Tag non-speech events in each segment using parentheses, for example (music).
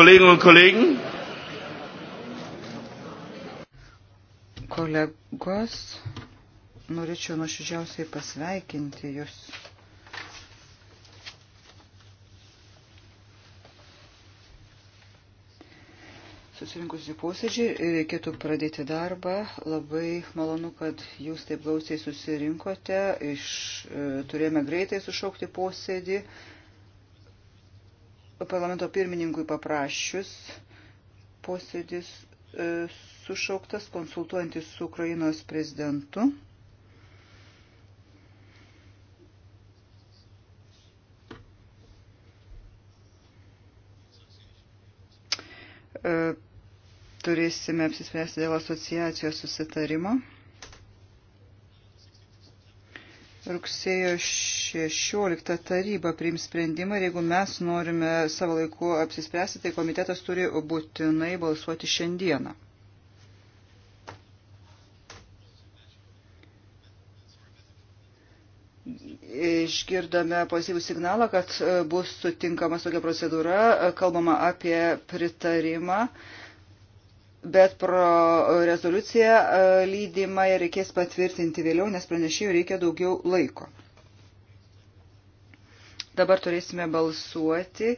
Kolleginnen und Kollegen. Kolegos, norėčiau nuoširdžiausiai pasveikinti Jūs. Susirinkusi posėdžiai, reikėtų pradėti darbą. Labai malonu, kad jūs taip gausiai susirinkote. Iš, e, turėjome greitai sušaukti posėdį parlamento pirmininkui paprašius posėdis e, sušauktas konsultuojantis su Ukrainos prezidentu. E, turėsime apsispręsti dėl asociacijos susitarimo. Rugsėjo 16 taryba priims sprendimą ir jeigu mes norime savo laiku apsispręsti, tai komitetas turi būtinai balsuoti šiandieną. Išgirdome pozityvų signalą, kad bus sutinkama tokia procedūra, kalbama apie pritarimą bet pro rezoliuciją e, lydimą reikės patvirtinti vėliau, nes pranešėjų reikia daugiau laiko. Dabar turėsime balsuoti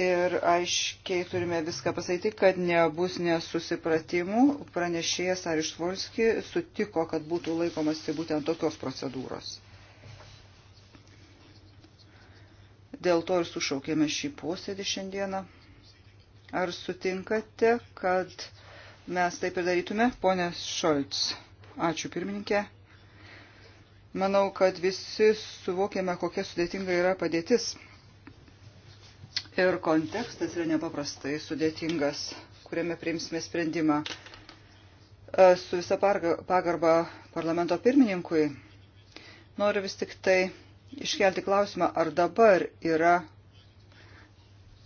ir aiškiai turime viską pasakyti, kad nebus nesusipratimų. Pranešėjas Ariš Volski sutiko, kad būtų laikomasi būtent tokios procedūros. Dėl to ir sušaukėme šį posėdį šiandieną. Ar sutinkate, kad mes taip ir darytume, ponė Šolts? Ačiū pirmininkė. Manau, kad visi suvokėme, kokia sudėtinga yra padėtis. Ir kontekstas yra nepaprastai sudėtingas, kuriame priimsime sprendimą. E, su visa pagarba parlamento pirmininkui noriu vis tik tai iškelti klausimą, ar dabar yra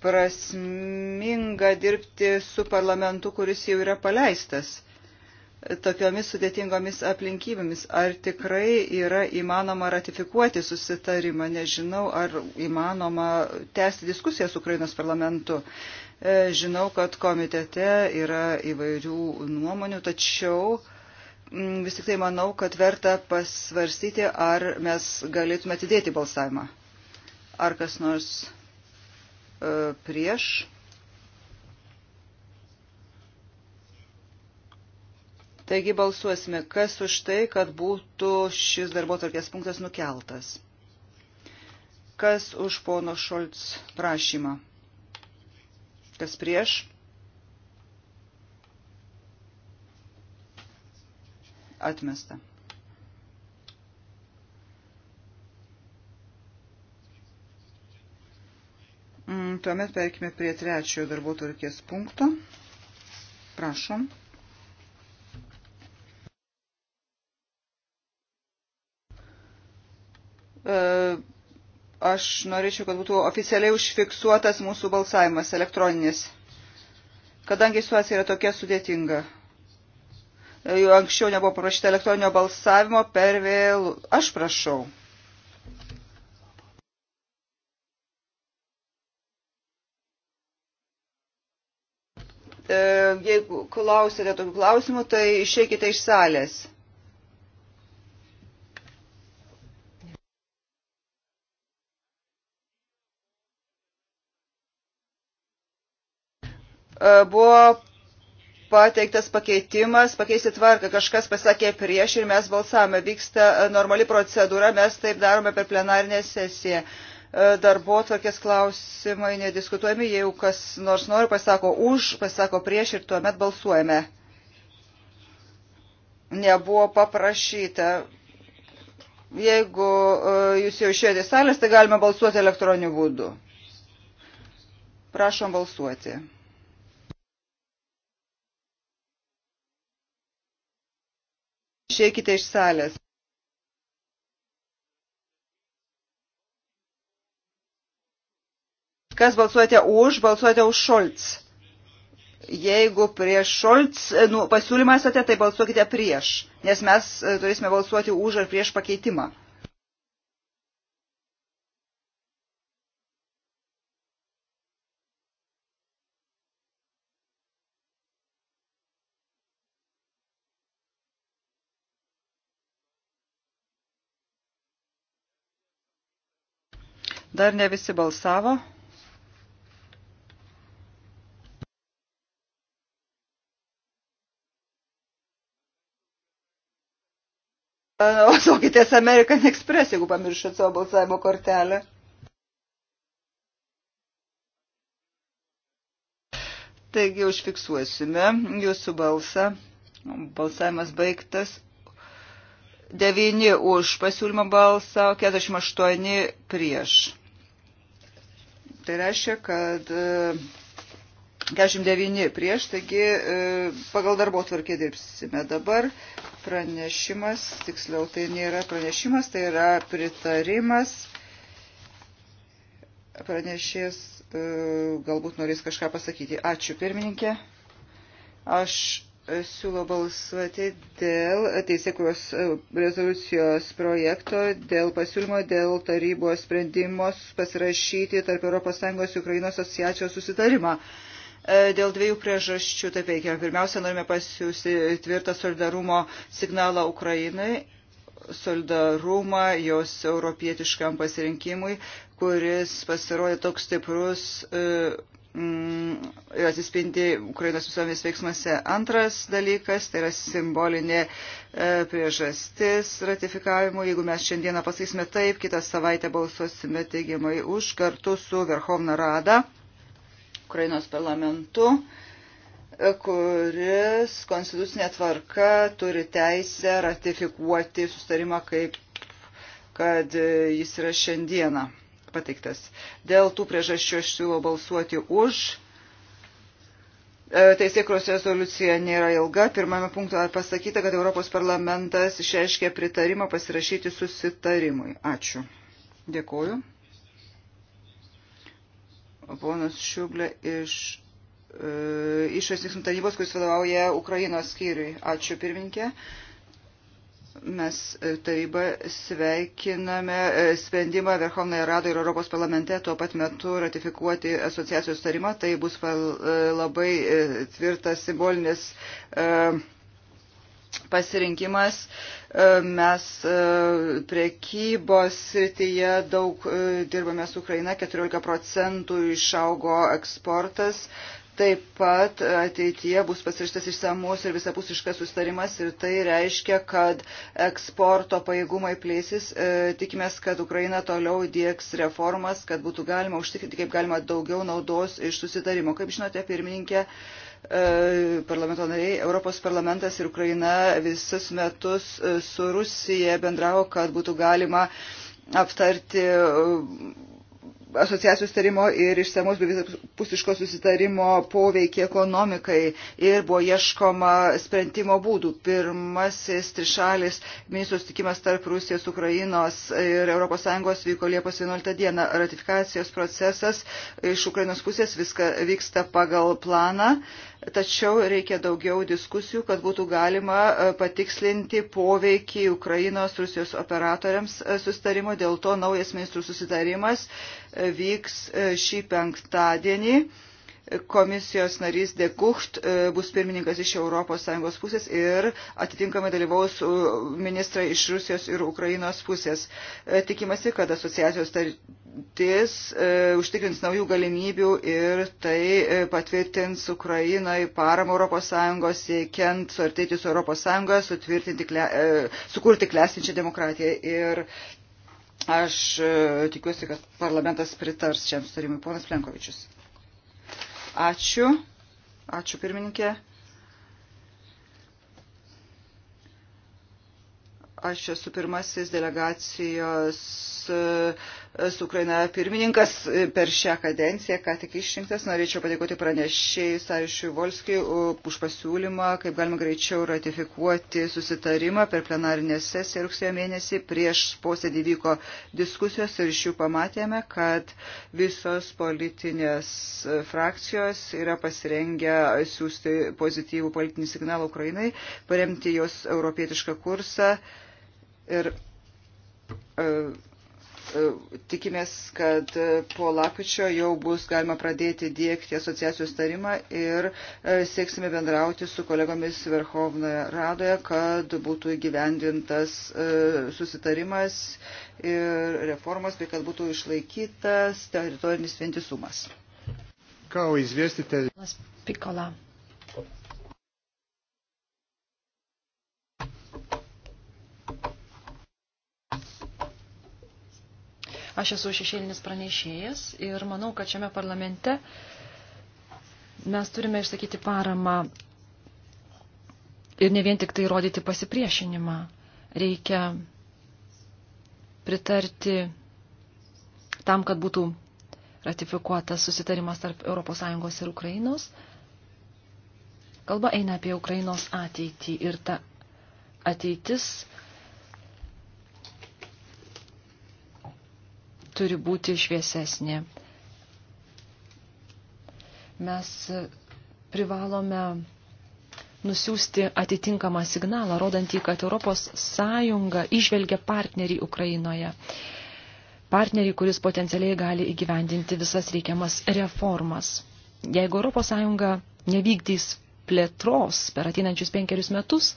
prasminga dirbti su parlamentu, kuris jau yra paleistas tokiomis sudėtingomis aplinkybėmis. Ar tikrai yra įmanoma ratifikuoti susitarimą, nežinau, ar įmanoma tęsti diskusiją su Ukrainos parlamentu. E, žinau, kad komitete yra įvairių nuomonių, tačiau mm, vis tik tai manau, kad verta pasvarstyti, ar mes galėtume atidėti balsavimą. Ar kas nors E, prieš. Taigi balsuosime, kas už tai, kad būtų šis darbo tarkės punktas nukeltas. Kas už pono Šolts prašymą? Kas prieš? Atmesta. Tuomet perkime prie trečiojo darbo tvarkės punkto. Prašom. E, aš norėčiau, kad būtų oficialiai užfiksuotas mūsų balsavimas elektroninis, kadangi situacija yra tokia sudėtinga. E, jau anksčiau nebuvo parašyta elektroninio balsavimo per vėl. Aš prašau. jeigu klausėte tokių klausimų, tai išeikite iš salės. E, buvo pateiktas pakeitimas, pakeisti tvarką, kažkas pasakė prieš ir mes balsavome. Vyksta e, normali procedūra, mes taip darome per plenarinę sesiją. Uh, darbo tokies klausimai nediskutuojami, jeigu kas nors nori, pasako už, pasako prieš ir tuomet balsuojame. Nebuvo paprašyta. Jeigu e, jūs jau išėjote salės, tai galime balsuoti elektroniniu būdu. Prašom balsuoti. Išėkite iš salės. Kas balsuojate už, balsuojate už Šolc. Jeigu prieš Šolc e, nu, pasiūlymą esate, tai balsuokite prieš, nes mes e, turėsime balsuoti už ar prieš pakeitimą. Dar ne visi balsavo. O saukitės American Express, jeigu pamiršot savo balsavimo kortelę. Taigi užfiksuosime jūsų balsą. Balsavimas baigtas. 9 už pasiūlymą balsą, 48 prieš. Tai reiškia, kad e, 49 prieš, taigi e, pagal darbo tvarkė dirbsime dabar. Pranešimas, tiksliau tai nėra pranešimas, tai yra pritarimas. Pranešės e, galbūt norės kažką pasakyti. Ačiū pirmininkė. Aš siūlo balsuoti dėl teisėkuros e, rezoliucijos projekto, dėl pasiūlymo, dėl tarybos sprendimos pasirašyti tarp ES Ukrainos asociacijos susitarimą. E, dėl dviejų priežasčių taip veikia. Pirmiausia, norime pasiūsti tvirtą solidarumo signalą Ukrainai, solidarumą jos europietiškam pasirinkimui, kuris pasirodė toks stiprus e, mm, ir atsispindi Ukrainos visuomenės veiksmuose. Antras dalykas, tai yra simbolinė e, priežastis ratifikavimui. Jeigu mes šiandieną pasakysime taip, kitą savaitę balsuosime teigiamai už kartu su Verhovna Rada. Ukrainos parlamentu, e, kuris konstitucinė tvarka turi teisę ratifikuoti sustarimą kaip kad e, jis yra šiandieną pateiktas. Dėl tų priežasčių aš siūlau balsuoti už. E, Teisėkros rezoliucija nėra ilga. Pirmame punktoje pasakyta, kad Europos parlamentas išreiškė pritarimą pasirašyti susitarimui. Ačiū. Dėkuoju ponas Šiublė iš e, išorės veiksmų tarybos, kuris vadovauja Ukrainos skyriui. Ačiū pirminkė. Mes e, taryba sveikiname e, sprendimą Verhovnoje Rado ir Europos parlamente tuo pat metu ratifikuoti asociacijos tarimą. Tai bus e, labai tvirtas simbolinis pasirinkimas. E, Mes e, prekybos srityje daug e, dirbame su Ukraina, 14 procentų išaugo eksportas. Taip pat ateityje bus pasirištas išsamus ir visapusiškas sustarimas ir tai reiškia, kad eksporto pajėgumai plėsis. E, tikimės, kad Ukraina toliau dieks reformas, kad būtų galima užtikrinti kaip galima daugiau naudos iš susitarimo. Kaip žinote, pirmininkė, E, parlamento nariai, Europos parlamentas ir Ukraina visus metus e, su Rusija bendravo, kad būtų galima aptarti e, asociacijos tarimo ir išsamos pusiško susitarimo poveikį ekonomikai ir buvo ieškoma sprendimo būdų. Pirmasis trišalis ministrų sutikimas tarp Rusijos, Ukrainos ir ES vyko Liepos 11 dieną. Ratifikacijos procesas iš Ukrainos pusės viską vyksta pagal planą. Uh, Tačiau reikia daugiau diskusijų, kad būtų galima e, patikslinti poveikį Ukrainos Rusijos operatoriams e, sustarimo. Dėl to naujas ministrų susitarimas e, vyks šį penktadienį komisijos narys De Gucht e, bus pirmininkas iš ES pusės ir atitinkamai dalyvaus ministrai iš Rusijos ir Ukrainos pusės. E, tikimasi, kad asociacijos tartis e, užtikrins naujų galimybių ir tai patvirtins Ukrainai paramą ES siekiant suartėti su ES, sukurti klesinčią demokratiją. Ir Aš tikiuosi, kad parlamentas pritars šiam sutarimui. Ponas Plenkovičius. Ačiū. Ačiū pirmininkė. Aš esu pirmasis delegacijos uh, su Ukraina pirmininkas e, per šią kadenciją, ką tik išrinktas. Norėčiau padėkoti pranešėjai Sarišui Volskijui už pasiūlymą, kaip galima greičiau ratifikuoti susitarimą per plenarinę sesiją rugsėjo mėnesį. Prieš posėdį vyko diskusijos ir iš jų pamatėme, kad visos politinės frakcijos yra pasirengę siūsti pozityvų politinį signalą Ukrainai, paremti jos europietišką kursą. Ir, uh, E, tikimės, kad e, po lapkričio jau bus galima pradėti dėkti asociacijos tarimą ir e, sieksime bendrauti su kolegomis Verhovnoje Radoje, kad būtų įgyvendintas susitarimas ir reformos, bei kad būtų išlaikytas teritorinis vientisumas. Kao izvjestitelj. Pikola. Aš esu šešėlinis pranešėjas ir manau, kad šiame parlamente mes turime išsakyti paramą ir ne vien tik tai rodyti pasipriešinimą. Reikia pritarti tam, kad būtų ratifikuotas susitarimas tarp ES ir Ukrainos. Kalba eina apie Ukrainos ateitį ir ta ateitis turi būti šviesesnė. Mes privalome nusiųsti atitinkamą signalą, rodantį, kad Europos Sąjunga išvelgia partnerį Ukrainoje. Partnerį, kuris potencialiai gali įgyvendinti visas reikiamas reformas. Jeigu Europos Sąjunga nevykdys plėtros per ateinančius penkerius metus,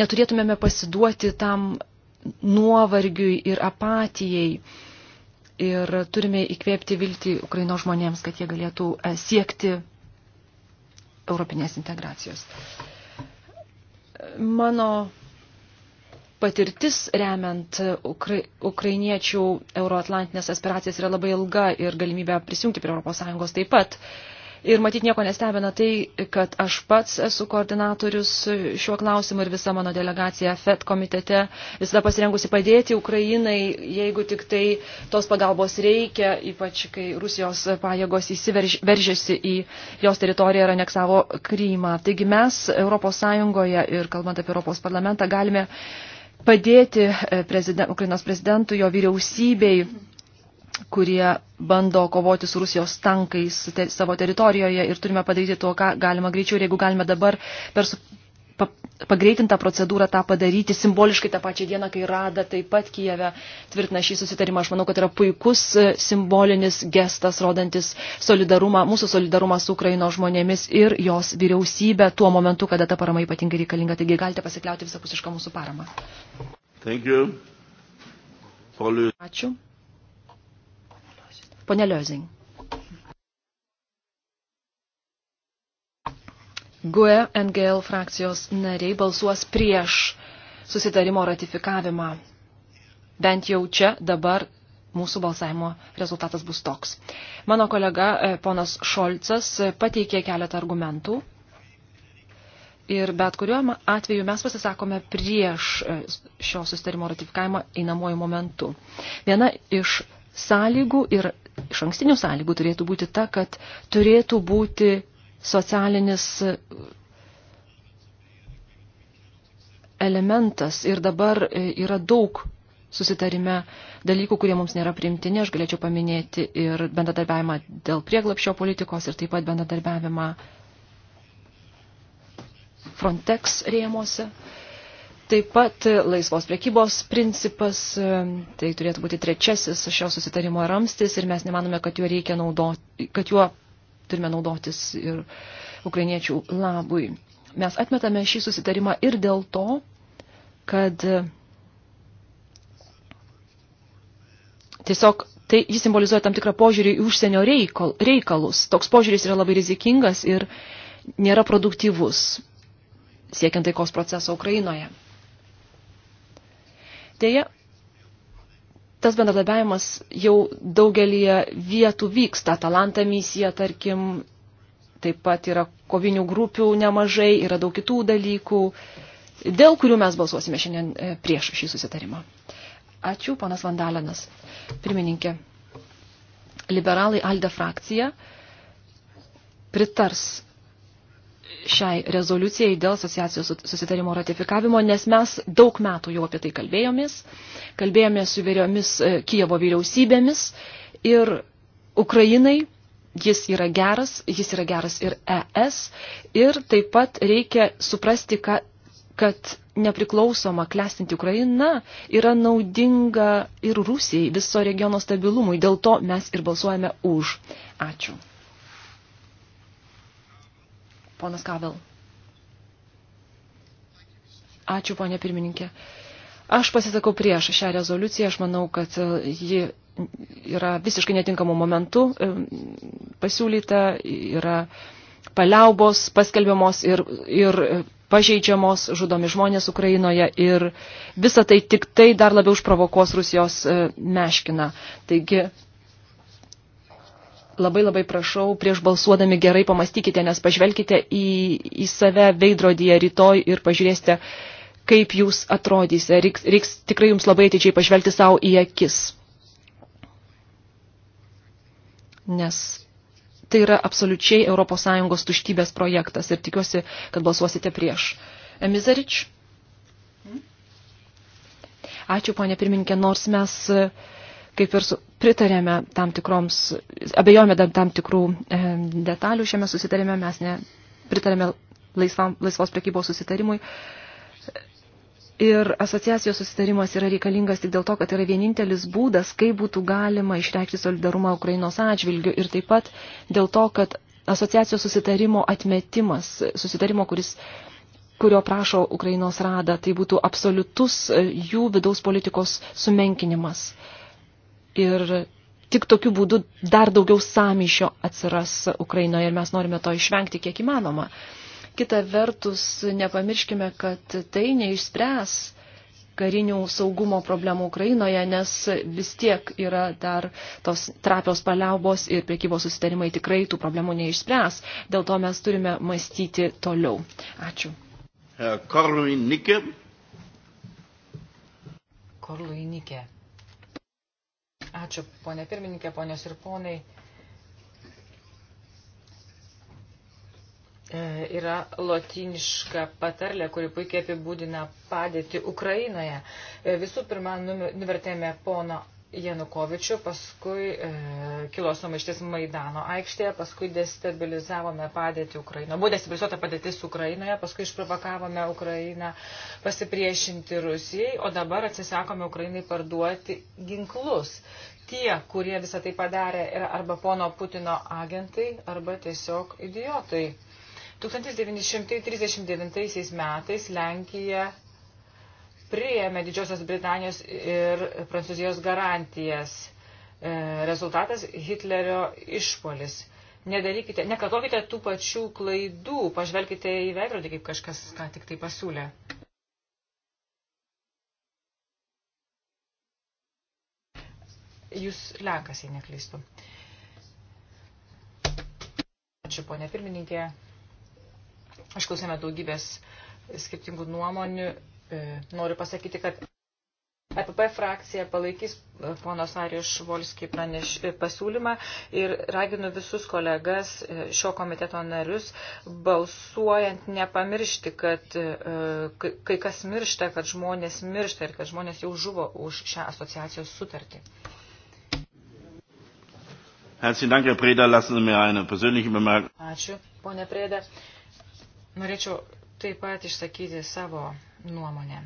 neturėtumėme pasiduoti tam nuovargiui ir apatijai. Ir turime įkvėpti viltį Ukraino žmonėms, kad jie galėtų e, siekti europinės integracijos. Mano patirtis remiant ukra ukrainiečių euroatlantinės aspiracijas yra labai ilga ir galimybė prisijungti prie ES taip pat. Uh, Ir matyt nieko nestebina tai, kad aš pats esu koordinatorius šiuo klausimu ir visa mano delegacija FED komitete visada pasirengusi padėti Ukrainai, jeigu tik tai tos pagalbos reikia, ypač kai Rusijos pajėgos įsiveržiasi į jos teritoriją ir aneksavo Krymą. Taigi mes ES ir kalbant apie Europos parlamentą galime padėti prezident, Ukrainos prezidentui, jo vyriausybei. Mhm kurie bando kovoti su Rusijos tankais te, savo teritorijoje ir turime padaryti to, ką galima greičiau ir jeigu galime dabar per su, pa, pagreitintą procedūrą tą padaryti simboliškai tą pačią dieną, kai Rada taip pat Kijeve tvirtina šį susitarimą. Aš manau, kad yra puikus e, simbolinis gestas, rodantis solidarumą, mūsų solidarumą su Ukraino žmonėmis ir jos vyriausybė tuo momentu, kada ta parama ypatingai reikalinga. Taigi galite pasikliauti visapusišką mūsų paramą. Ačiū. Pone Liozing. GUE NGL frakcijos nariai balsuos prieš susitarimo ratifikavimą. Bent jau čia dabar mūsų balsavimo rezultatas bus toks. Mano kolega e, ponas Šolcas e, pateikė keletą argumentų. Ir bet kuriuo atveju mes pasisakome prieš e, šio susitarimo ratifikavimą einamuoju momentu. Viena iš sąlygų ir iš ankstinių sąlygų turėtų būti ta, kad turėtų būti socialinis uh, elementas ir dabar uh, yra daug susitarime dalykų, kurie mums nėra primtini. Aš galėčiau paminėti ir bendradarbiavimą dėl prieglapšio politikos ir taip pat bendradarbiavimą Frontex rėmose. Taip pat e, laisvos priekybos principas, e, tai turėtų būti trečiasis šio susitarimo ramstis ir mes nemanome, kad juo, reikia naudoti, kad juo turime naudotis ir ukrainiečių labui. Mes atmetame šį susitarimą ir dėl to, kad e, tiesiog tai jis simbolizuoja tam tikrą požiūrį į užsienio reikal, reikalus. Toks požiūris yra labai rizikingas ir nėra produktyvus siekiant taikos proceso Ukrainoje. Deja, tas bendradarbiavimas jau daugelie vietų vyksta. Atalanta misija, tarkim, taip pat yra kovinių grupių nemažai, yra daug kitų dalykų, dėl kurių mes balsuosime šiandien e, prieš šį susitarimą. Ačiū, panas Vandalinas. Pirmininkė, liberalai Alde frakcija pritars šiai rezoliucijai dėl asociacijos susitarimo ratifikavimo, nes mes daug metų jau apie tai kalbėjomės, kalbėjomės su vėriomis e, Kijevo vyriausybėmis ir Ukrainai jis yra geras, jis yra geras ir ES ir taip pat reikia suprasti, kad, kad nepriklausoma klestinti Ukraina yra naudinga ir Rusijai, viso regiono stabilumui, dėl to mes ir balsuojame už. Ačiū. Ponas Kavel. Ačiū, ponė pirmininkė. Aš pasisakau prieš šią rezoliuciją. Aš manau, kad e, ji yra visiškai netinkamų momentų e, pasiūlyta, yra paliaubos paskelbiamos ir, ir pažeidžiamos, žudomi žmonės Ukrainoje ir visa tai tik tai dar labiau užprovokos Rusijos e, meškina. Taigi labai labai prašau, prieš balsuodami gerai pamastykite, nes pažvelkite į, į save veidrodyje rytoj ir pažiūrėsite, kaip jūs atrodysite. Reiks, reiks tikrai jums labai atidžiai pažvelgti savo į akis. Nes tai yra absoliučiai ES tuštybės projektas ir tikiuosi, kad balsuosite prieš. Emizarič? Ačiū, ponė pirmininkė, nors mes uh, kaip ir pritarėme tam tikroms, abejojame tam tikrų e, detalių šiame susitarime, mes nepritarėme laisvam, laisvos prekybos susitarimui. Ir asociacijos susitarimas yra reikalingas tik dėl to, kad yra vienintelis būdas, kaip būtų galima išreikšti solidarumą Ukrainos atžvilgiu ir taip pat dėl to, kad asociacijos susitarimo atmetimas, susitarimo, kuris kurio prašo Ukrainos rada, tai būtų absoliutus e, jų vidaus politikos sumenkinimas ir tik tokiu būdu dar daugiau samyšio atsiras Ukrainoje ir mes norime to išvengti kiek įmanoma. Kita vertus, nepamirškime, kad tai neišspręs karinių saugumo problemų Ukrainoje, nes vis tiek yra dar tos trapios paliaubos ir priekybos susitarimai tikrai tų problemų neišspręs. Dėl to mes turime mąstyti toliau. Ačiū. Korluinikė. Korluinikė. Ačiū, ponė pirmininkė, ponės ir ponai. E, yra lotiniška patarlė, kuri puikiai apibūdina padėtį Ukrainoje. E, visų pirma, nuvertėme pono Janukovičiu, paskui e, kilo sumaištis Maidano aikštėje, paskui destabilizavome padėtį Ukrainoje. Buvo destabilizuota padėtis Ukrainoje, paskui išprovokavome Ukrainą pasipriešinti Rusijai, o dabar atsisakome Ukrainai parduoti ginklus. Tie, kurie visą tai padarė, yra arba pono Putino agentai, arba tiesiog idiotai. 1939 metais Lenkija priėmė Didžiosios Britanijos ir Prancūzijos garantijas. E, rezultatas Hitlerio išpolis. Nedarykite, nekartokite tų pačių klaidų, pažvelkite į veidrodį, kaip kažkas ką tik tai pasiūlė. Jūs lenkas, jei neklystu. Ačiū, ponė pirmininkė. Aš klausėme daugybės skirtingų nuomonių E, noriu pasakyti, kad EPP frakcija palaikys e, ponos Arijos Švolskį praneš, e, pasiūlymą ir raginu visus kolegas, šio komiteto narius, balsuojant nepamiršti, kad kai kas miršta, kad žmonės miršta ir kad žmonės jau žuvo už šią asociacijos sutartį. Herzlichen Dank, Herr Preda. Lassen Sie mir eine persönliche Bemerkung. Ačiū, ponė Preda. Norėčiau taip pat išsakyti savo nuomonė.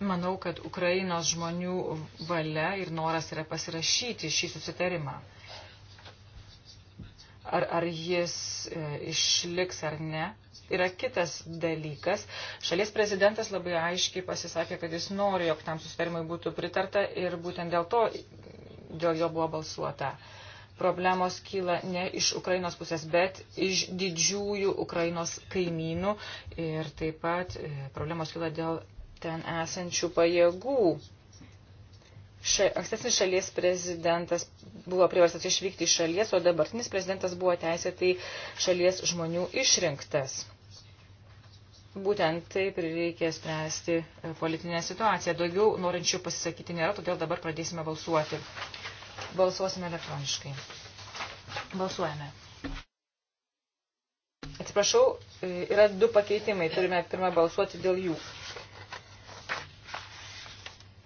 Manau, kad Ukrainos žmonių valia ir noras yra pasirašyti šį susitarimą. Ar, ar jis e, išliks ar ne, yra kitas dalykas. Šalies prezidentas labai aiškiai pasisakė, kad jis nori, jog tam susitarimui būtų pritarta ir būtent dėl to dėl jo buvo balsuota. E, problemos kyla ne iš Ukrainos pusės, bet iš didžiųjų Ukrainos kaimynų ir taip pat e, problemos kyla dėl ten esančių pajėgų. Ša, ankstesnis šalies prezidentas buvo priverstas išvykti iš šalies, o dabartinis prezidentas buvo teisėtai šalies žmonių išrinktas. Būtent taip ir reikia spręsti e, politinę situaciją. Daugiau norinčių pasisakyti nėra, todėl dabar pradėsime balsuoti. Balsuosime elektroniškai. Balsuojame. Atsiprašau, e, yra du pakeitimai. Turime pirmą balsuoti dėl jų.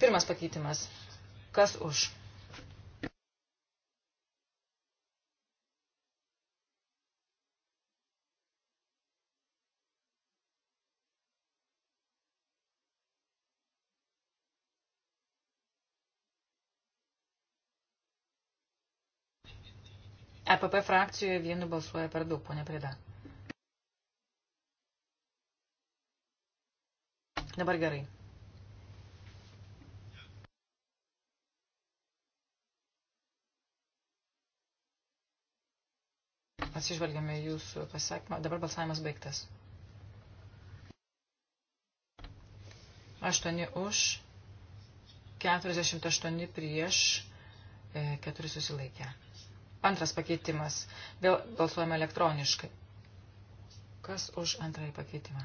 Pirmas pakeitimas. Kas už? EPP frakcijoje vienu balsuoja per daug, ponia Prida. Dabar gerai. Atsižvelgiame jūsų pasakymą. Dabar balsavimas baigtas. 8 už, 48 prieš, 4 e, susilaikę. Antras pakeitimas. Vėl balsuojame elektroniškai. Kas už antrąjį pakeitimą?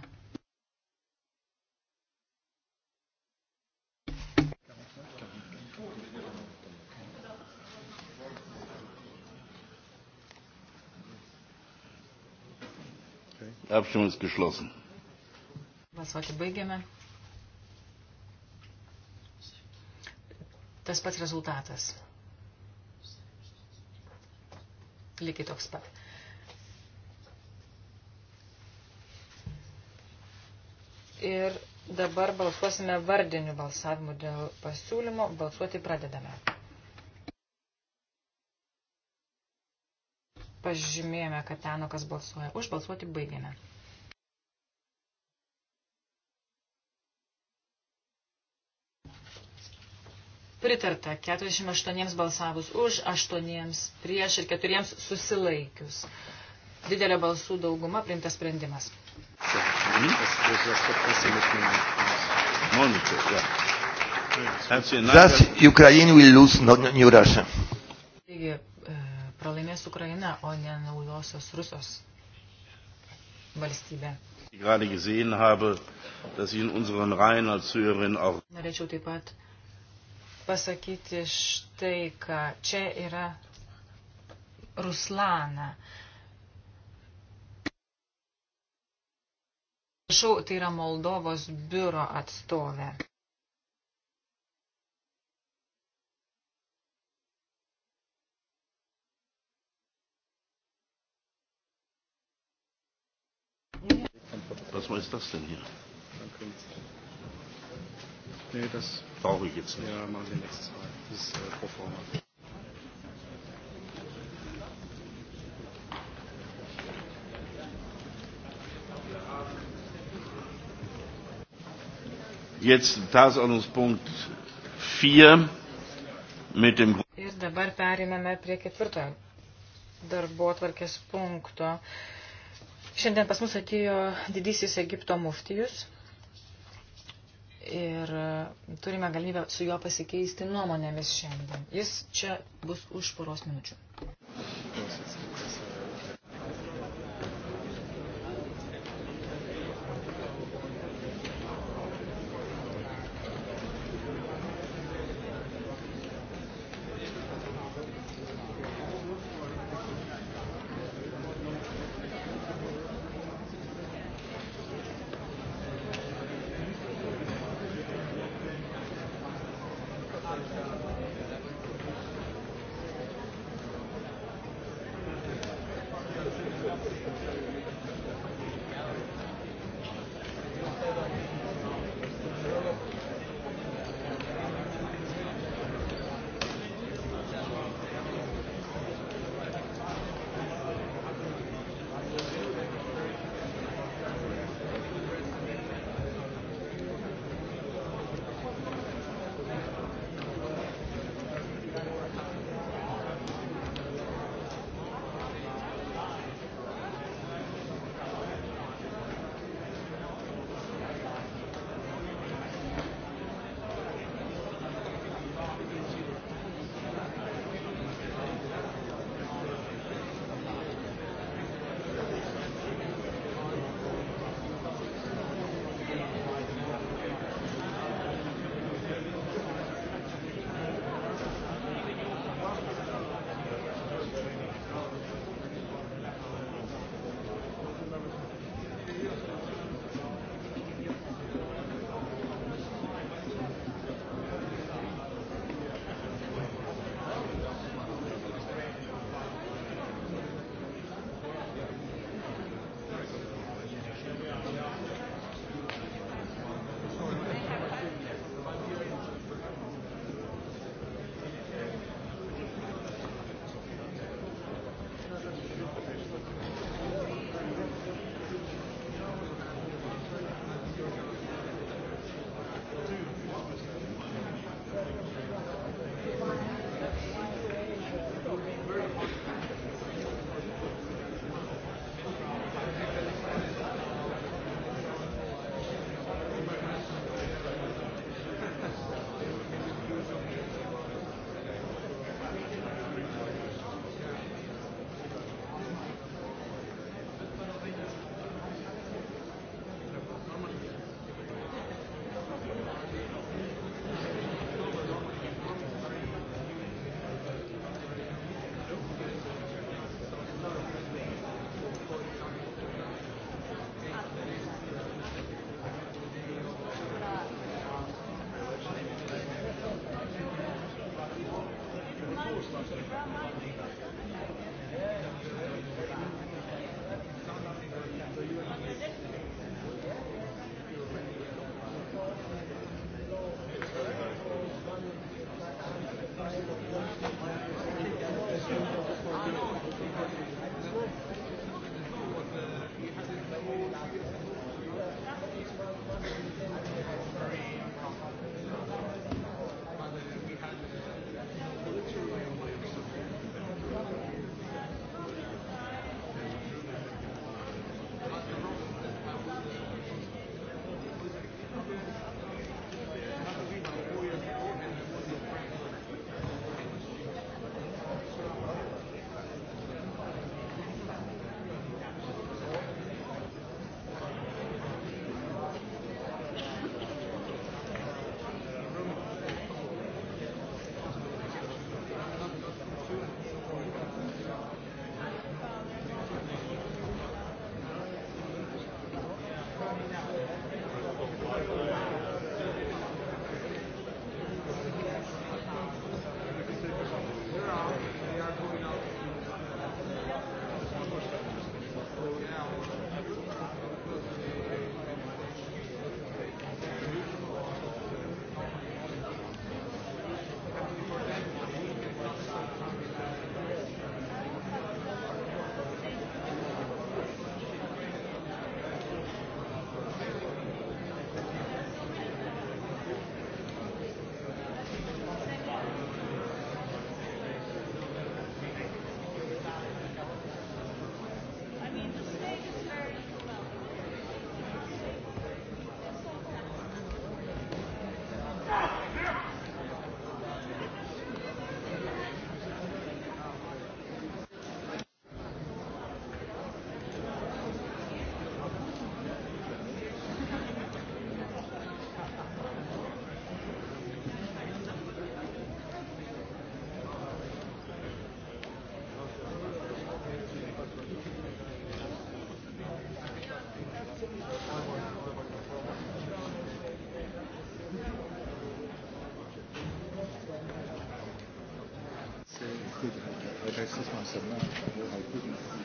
Abstimmung ist geschlossen. Balsuoti baigiame. Tas pats rezultatas. lygiai toks pat. Ir dabar balsuosime vardiniu balsavimu dėl pasiūlymo. Balsuoti pradedame. Pažymėjome, kad tenokas balsuoja už, balsuoti baigėme. Pritarta 48 balsavus už, 8 prieš ir 4 susilaikius. Didelė balsų dauguma priimtas sprendimas. Thus Ukraine will lose, not New Russia. Taigi, e, pralaimės Ukraina, o ne naujosios Rusos valstybė. Norėčiau taip pat pasakyti štai, ką čia yra Ruslana. Prašau, tai yra Moldovos biuro atstovė. Was ist das denn hier? Nee, das brauche ich jetzt nicht. Ja, machen Sie nächstes Mal. Das ist äh, pro forma. Jetzt Tagesordnungspunkt 4 mit dem. Ir dabar periname prie ketvirtojo darbo atvarkės punkto. Šiandien pas mus atėjo didysis Egipto muftijus, ir e, turime galimybę su juo pasikeisti nuomonėmis šiandien. Jis čia bus už poros minučių.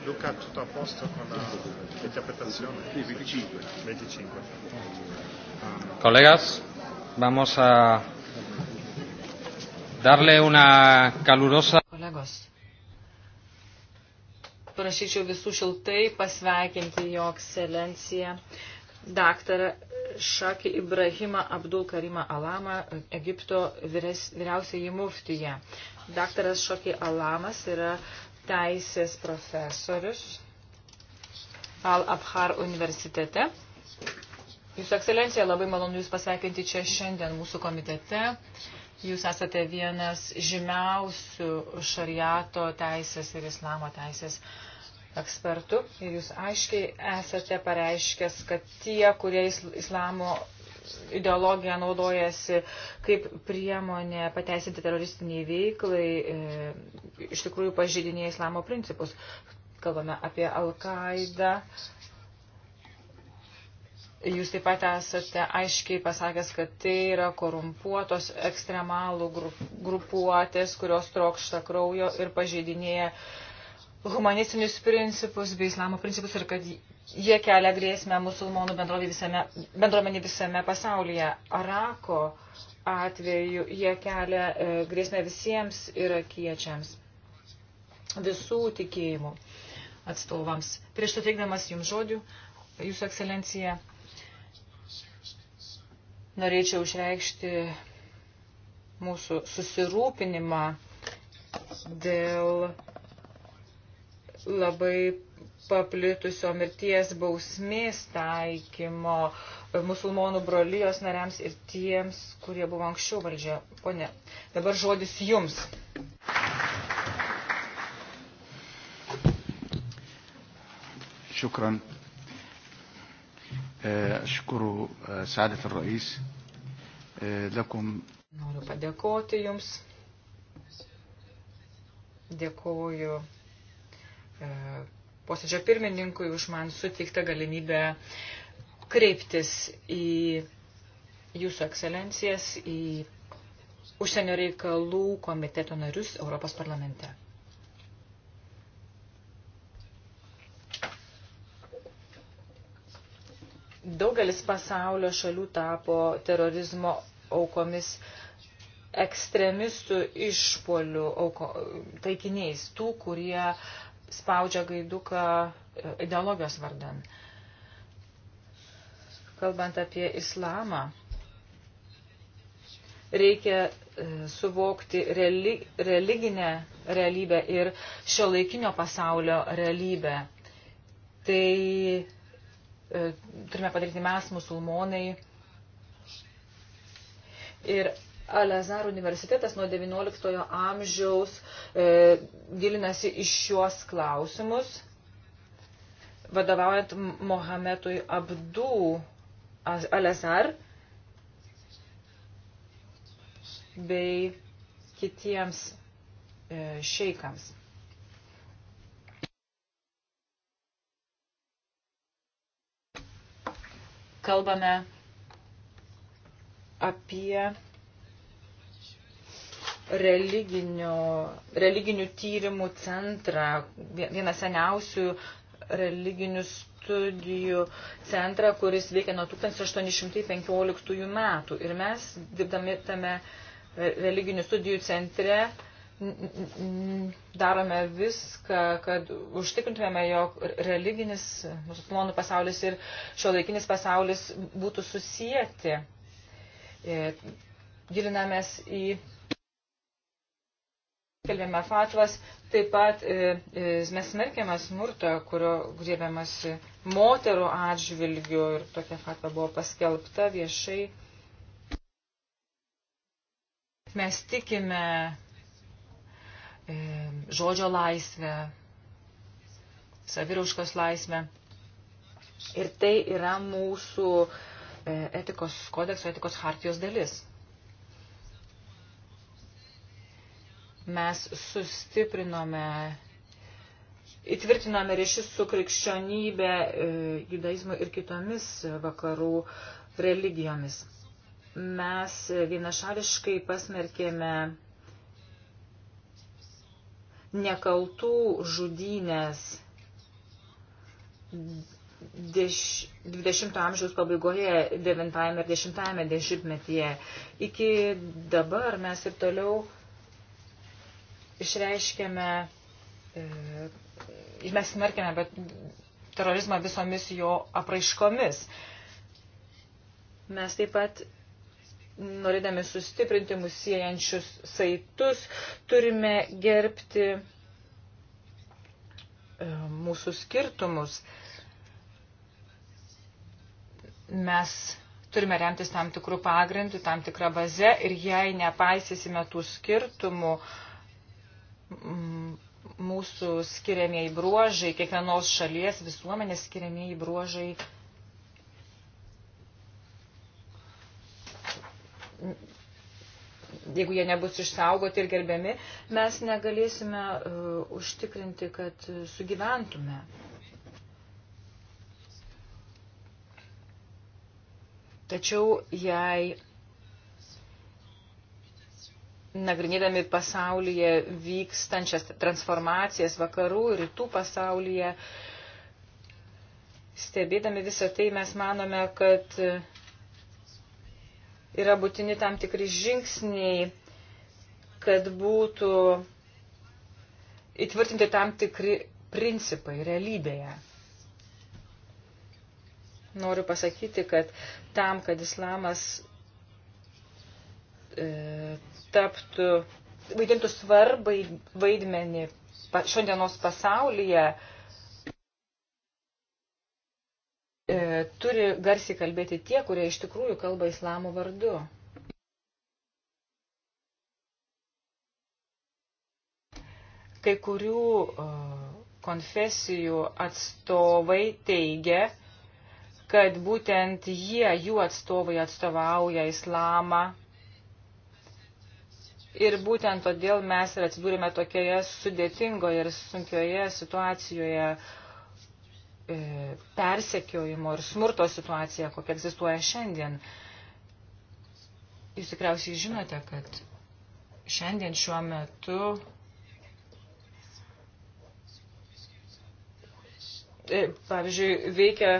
Luca, tutto a posto con l'interpretazione? 25. 25. Colegas, vamos a darle una calurosa. Kolegos, prašyčiau visų šiltai pasveikinti jo ekscelenciją daktarą Šakį Ibrahimą Abdul Karimą Alamą, Egipto vyres, vyriausiai muftyje. Daktaras Šakį Alamas yra teisės profesorius Al-Abhar universitete. Jūsų ekscelencija, labai malonu Jūs pasveikinti čia šiandien mūsų komitete. Jūs esate vienas žymiausių šariato teisės ir islamo teisės ekspertų ir jūs aiškiai esate pareiškęs, kad tie, kurie islamo ideologija naudojasi kaip priemonė pateisinti teroristiniai veiklai, e, iš tikrųjų pažydinėja islamo principus. Kalbame apie Al-Qaidą. Jūs taip pat esate aiškiai pasakęs, kad tai yra korumpuotos ekstremalų grupuotės, kurios trokšta kraujo ir pažeidinėja humanistinius principus bei islamo principus ir kad Jie kelia grėsmę musulmonų visame, bendruomenį visame pasaulyje. Arako atveju jie kelia e, grėsmę visiems irakiečiams, visų tikėjimų atstovams. Prieš suteikdamas jums žodžių, jūsų ekscelencija, norėčiau išreikšti mūsų susirūpinimą dėl labai paplitusio mirties bausmės taikymo e, musulmonų brolyjos nariams ir tiems, kurie buvo anksčiau valdžioje. Pone, dabar žodis jums. شكرا أشكر سعادة الرئيس لكم Noriu padėkoti Jums. Dėkoju e, posėdžio pirmininkui už man suteiktą galimybę kreiptis į Jūsų ekscelencijas, į užsienio reikalų komiteto narius Europos parlamente. Daugelis pasaulio šalių tapo terorizmo aukomis ekstremistų išpolių auko, taikiniais, tų, kurie uh, spaudžia gaiduką e, ideologijos vardan. Kalbant apie islamą, reikia e, suvokti religinę realybę ir šio laikinio pasaulio realybę. Tai e, turime padaryti mes, musulmonai. Ir Alezar universitetas nuo XIX amžiaus e, gilinasi iš šiuos klausimus, vadovaujant Mohamedui Abdu Alezar bei kitiems e, šeikams. Kalbame apie religinių tyrimų centrą, vieną seniausių religinių studijų centrą, kuris veikia nuo 1815 metų. Ir mes, dirbdami tame religinių studijų centre, darome viską, kad užtikrintumėme, jog religinis musulmonų pasaulis ir šiuolaikinis pasaulis būtų susijęti. E, gilinamės į Kelbėme fatvas, taip pat e, e, mes smerkėme smurtą, kurio grėbėmasi moterų atžvilgių ir tokia fatva buvo paskelbta viešai. Mes tikime e, žodžio laisvę, savirauškos laisvę. Ir tai yra mūsų e, etikos kodekso, etikos hartijos dalis. Mes sustiprinome, įtvirtinome ryšius su krikščionybė, e, judaizmu ir kitomis vakarų religijomis. Mes vienašališkai pasmerkėme nekaltų žudynės 20-ojo amžiaus pabaigoje, 9-ame ir 10-ame dešimtmetyje. Iki dabar mes ir toliau išreiškėme e, ir mes smerkėme bet terorizmą visomis jo apraiškomis. Mes taip pat, norėdami sustiprinti mūsų siejančius saitus, turime gerbti e, mūsų skirtumus. Mes turime remtis tam tikrų pagrindų, tam tikrą bazę ir jei nepaisysime tų skirtumų, uh, mūsų skiriamieji bruožai, kiekvienos šalies visuomenės skiriamieji bruožai jeigu jie nebus išsaugoti ir gerbiami, mes negalėsime uh, užtikrinti, kad sugyventume. Tačiau jei nagrinėdami pasaulyje vykstančias transformacijas vakarų ir rytų pasaulyje, stebėdami visą tai mes manome, kad yra būtini tam tikri žingsniai, kad būtų įtvirtinti tam tikri principai realybėje. Noriu pasakyti, kad tam, kad islamas e, taptų, vaidintų svarbai vaidmenį pa, šiandienos pasaulyje, e, turi garsiai kalbėti tie, kurie iš tikrųjų kalba islamo vardu. Kai kurių e, konfesijų atstovai teigia, kad būtent jie, jų atstovai atstovauja islamą Ir būtent todėl mes ir atsidūrėme tokioje sudėtingoje ir sunkioje situacijoje e, persekiojimo ir smurto situacija, kokia egzistuoja šiandien. Jūs tikriausiai žinote, kad šiandien šiuo metu e, pavyzdžiui, veikia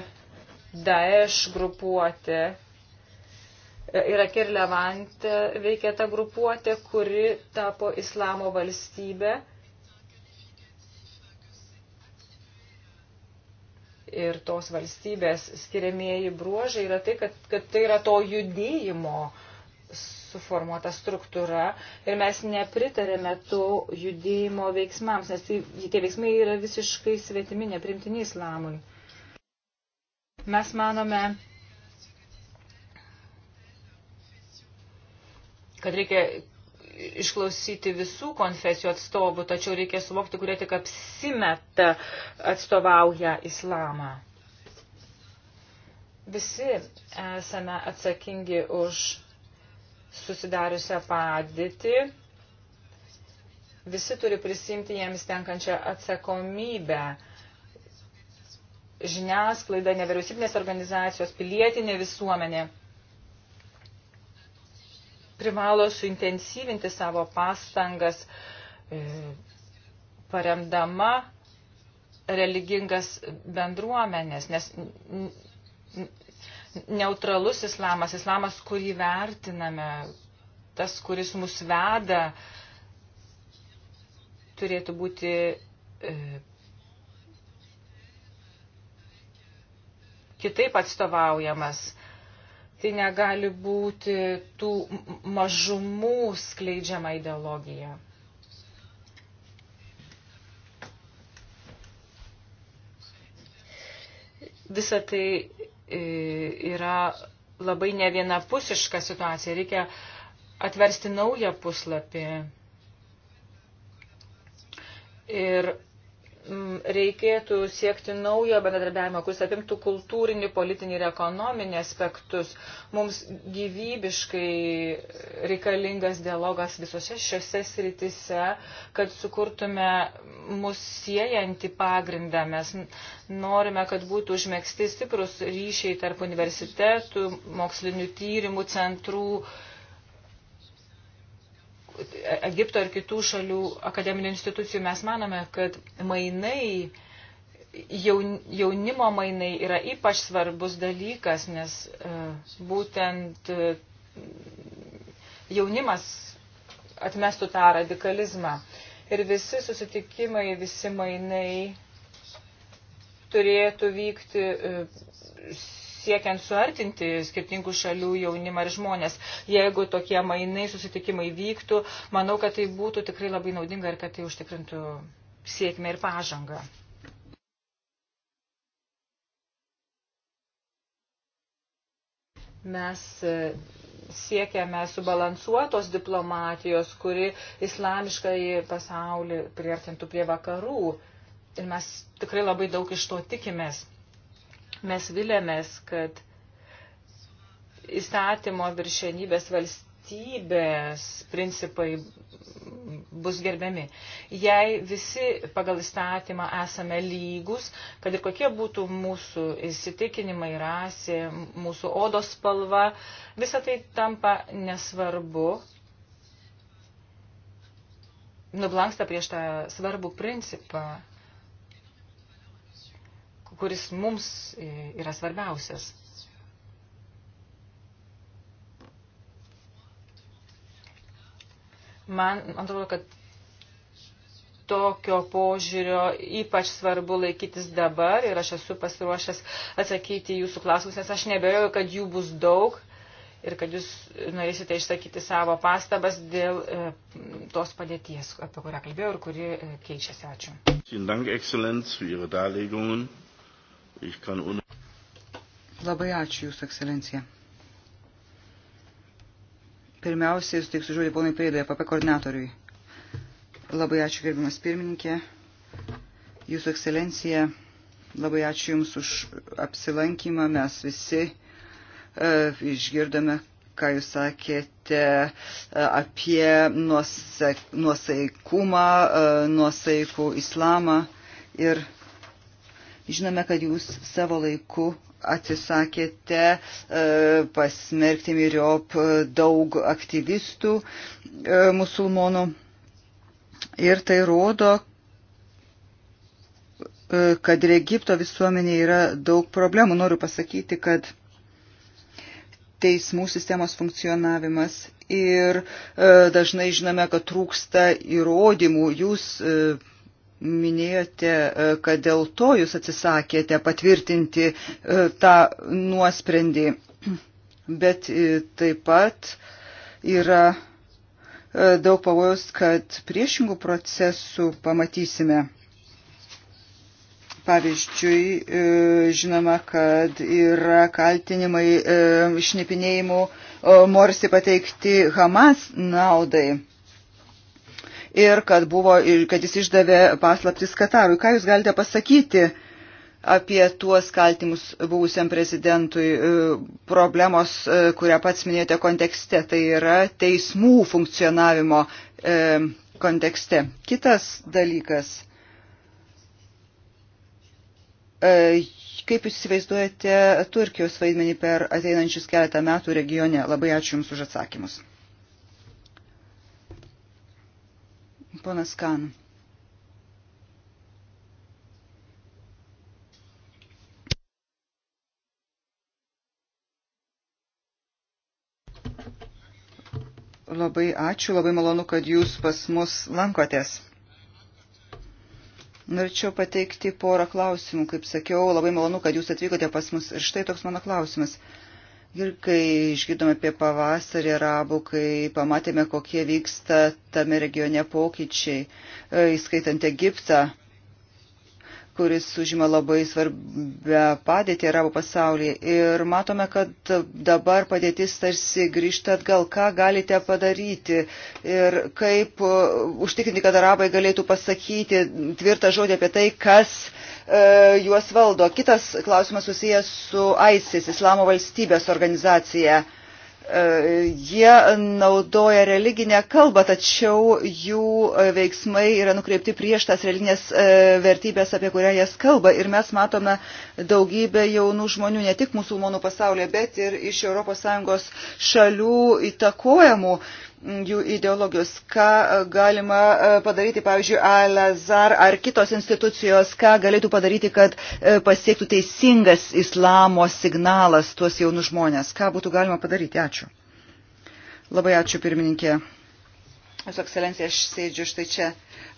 Daesh grupuotė Irake ir Levante veikė ta grupuotė, kuri tapo islamo valstybė. Ir tos valstybės skiriamieji bruožai yra tai, kad, kad tai yra to judėjimo suformuota struktūra ir mes nepritarėme to judėjimo veiksmams, nes tai, tie veiksmai yra visiškai svetimi, neprimtini islamui. Mes manome, kad reikia išklausyti visų konfesijų atstovų, tačiau reikia suvokti, kurie tik apsimeta atstovauja islamą. Visi esame atsakingi už susidariusią padėtį. Visi turi prisimti jiems tenkančią atsakomybę žiniasklaida, nevyriausybinės organizacijos, pilietinė visuomenė privalo suintensyvinti savo pastangas, e, paremdama religingas bendruomenės, nes neutralus islamas, islamas, kurį vertiname, tas, kuris mus veda, turėtų būti e, kitaip atstovaujamas tai negali būti tų mažumų skleidžiama ideologija. Visa tai e, yra labai ne vienapusiška situacija. Reikia atversti naują puslapį ir reikėtų siekti naujo bendradarbiavimo, kuris apimtų kultūrinį, politinį ir ekonominį aspektus. Mums gyvybiškai reikalingas dialogas visose šiose sritise, kad sukurtume mus siejantį pagrindą. Mes norime, kad būtų užmėgsti stiprus ryšiai tarp universitetų, mokslinių tyrimų centrų Egipto ir kitų šalių akademinių institucijų mes manome, kad mainai, jaunimo mainai yra ypač svarbus dalykas, nes e, būtent e, jaunimas atmestų tą radikalizmą. Ir visi susitikimai, visi mainai turėtų vykti e, siekiant suartinti skirtingų šalių jaunimą ir žmonės. Jeigu tokie mainai, susitikimai vyktų, manau, kad tai būtų tikrai labai naudinga ir kad tai užtikrintų sėkmę ir pažangą. Mes e, siekiame subalansuotos diplomatijos, kuri islamiškai pasaulį priartintų prie vakarų. Ir mes tikrai labai daug iš to tikimės. Mes vilėmės, kad įstatymo viršenybės valstybės principai bus gerbiami. Jei visi pagal įstatymą esame lygus, kad ir kokie būtų mūsų įsitikinimai, rasė, mūsų odos spalva, visa tai tampa nesvarbu, nublanksta prieš tą svarbų principą kuris mums e, yra svarbiausias. Man atrodo, kad tokio požiūrio ypač svarbu laikytis dabar ir aš esu pasiruošęs atsakyti jūsų klausimus, nes aš nebejoju, kad jų bus daug ir kad jūs norėsite išsakyti savo pastabas dėl e, tos padėties, apie kurią kalbėjau ir kuri e, keičiasi. Ačiū. Vielen Dank, Excellenz, für Ihre Darlegungen. Un... Labai ačiū Jūsų ekscelencija. Pirmiausiai suteiksiu žodį ponai Prėdai, PP koordinatoriui. Labai ačiū gerbimas pirmininkė. Jūsų ekscelencija, labai ačiū Jums už apsilankymą. Mes visi e, išgirdome, ką jūs sakėte e, apie nuosaikumą, e, nuosaikų islamą ir Žinome, kad jūs savo laiku atsisakėte e, pasmerkti miriop e, daug aktyvistų e, musulmonų. Ir tai rodo, kad ir Egipto visuomenė yra daug problemų. Noriu pasakyti, kad teismų sistemos funkcionavimas ir dažnai žinome, kad trūksta įrodymų. Jūs Minėjote, e, kad dėl to jūs atsisakėte patvirtinti e, tą nuosprendį, (clears throat) bet e, taip pat yra daug pavojus, kad priešingų procesų pamatysime. Pavyzdžiui, žinoma, kad yra kaltinimai šnipinėjimu Morsi pateikti Hamas naudai ir kad, buvo, kad jis išdavė paslaptis Katarui. Ką jūs galite pasakyti apie tuos kaltimus buvusiam prezidentui e, problemos, e, kurią pats minėjote kontekste, tai yra teismų funkcionavimo e, kontekste. Kitas dalykas kaip jūs įsivaizduojate Turkijos vaidmenį per ateinančius keletą metų regione? Labai ačiū Jums už atsakymus. Ponas Kan. Labai ačiū, labai malonu, kad jūs pas mus lankotės. Norėčiau pateikti porą klausimų. Kaip sakiau, labai malonu, kad jūs atvykote pas mus. Ir štai toks mano klausimas. Ir kai išgirdome apie pavasarį arabų, kai pamatėme, kokie vyksta tame regione pokyčiai, e, įskaitant Egiptą, kuris užima labai svarbę padėtį arabų pasaulyje. Ir matome, kad dabar padėtis tarsi grįžta atgal, ką galite padaryti ir kaip e, užtikrinti, kad arabai galėtų pasakyti tvirtą žodį apie tai, kas e, juos valdo. Kitas klausimas susijęs su ISIS, Islamo valstybės organizacija. E, E, jie naudoja religinę kalbą, tačiau jų e, veiksmai yra nukreipti prieš tas religinės e, vertybės, apie kurią jas kalba. Ir mes matome daugybę jaunų žmonių, ne tik musulmonų pasaulyje, bet ir iš ES šalių įtakojamų jų ideologijos, ką e, galima e, padaryti, pavyzdžiui, Al-Azhar ar kitos institucijos, ką galėtų padaryti, kad e, pasiektų teisingas islamo signalas tuos jaunus žmonės, ką būtų galima padaryti. Ačiū. Labai ačiū, pirmininkė. Jūsų ekscelencija, aš sėdžiu štai čia.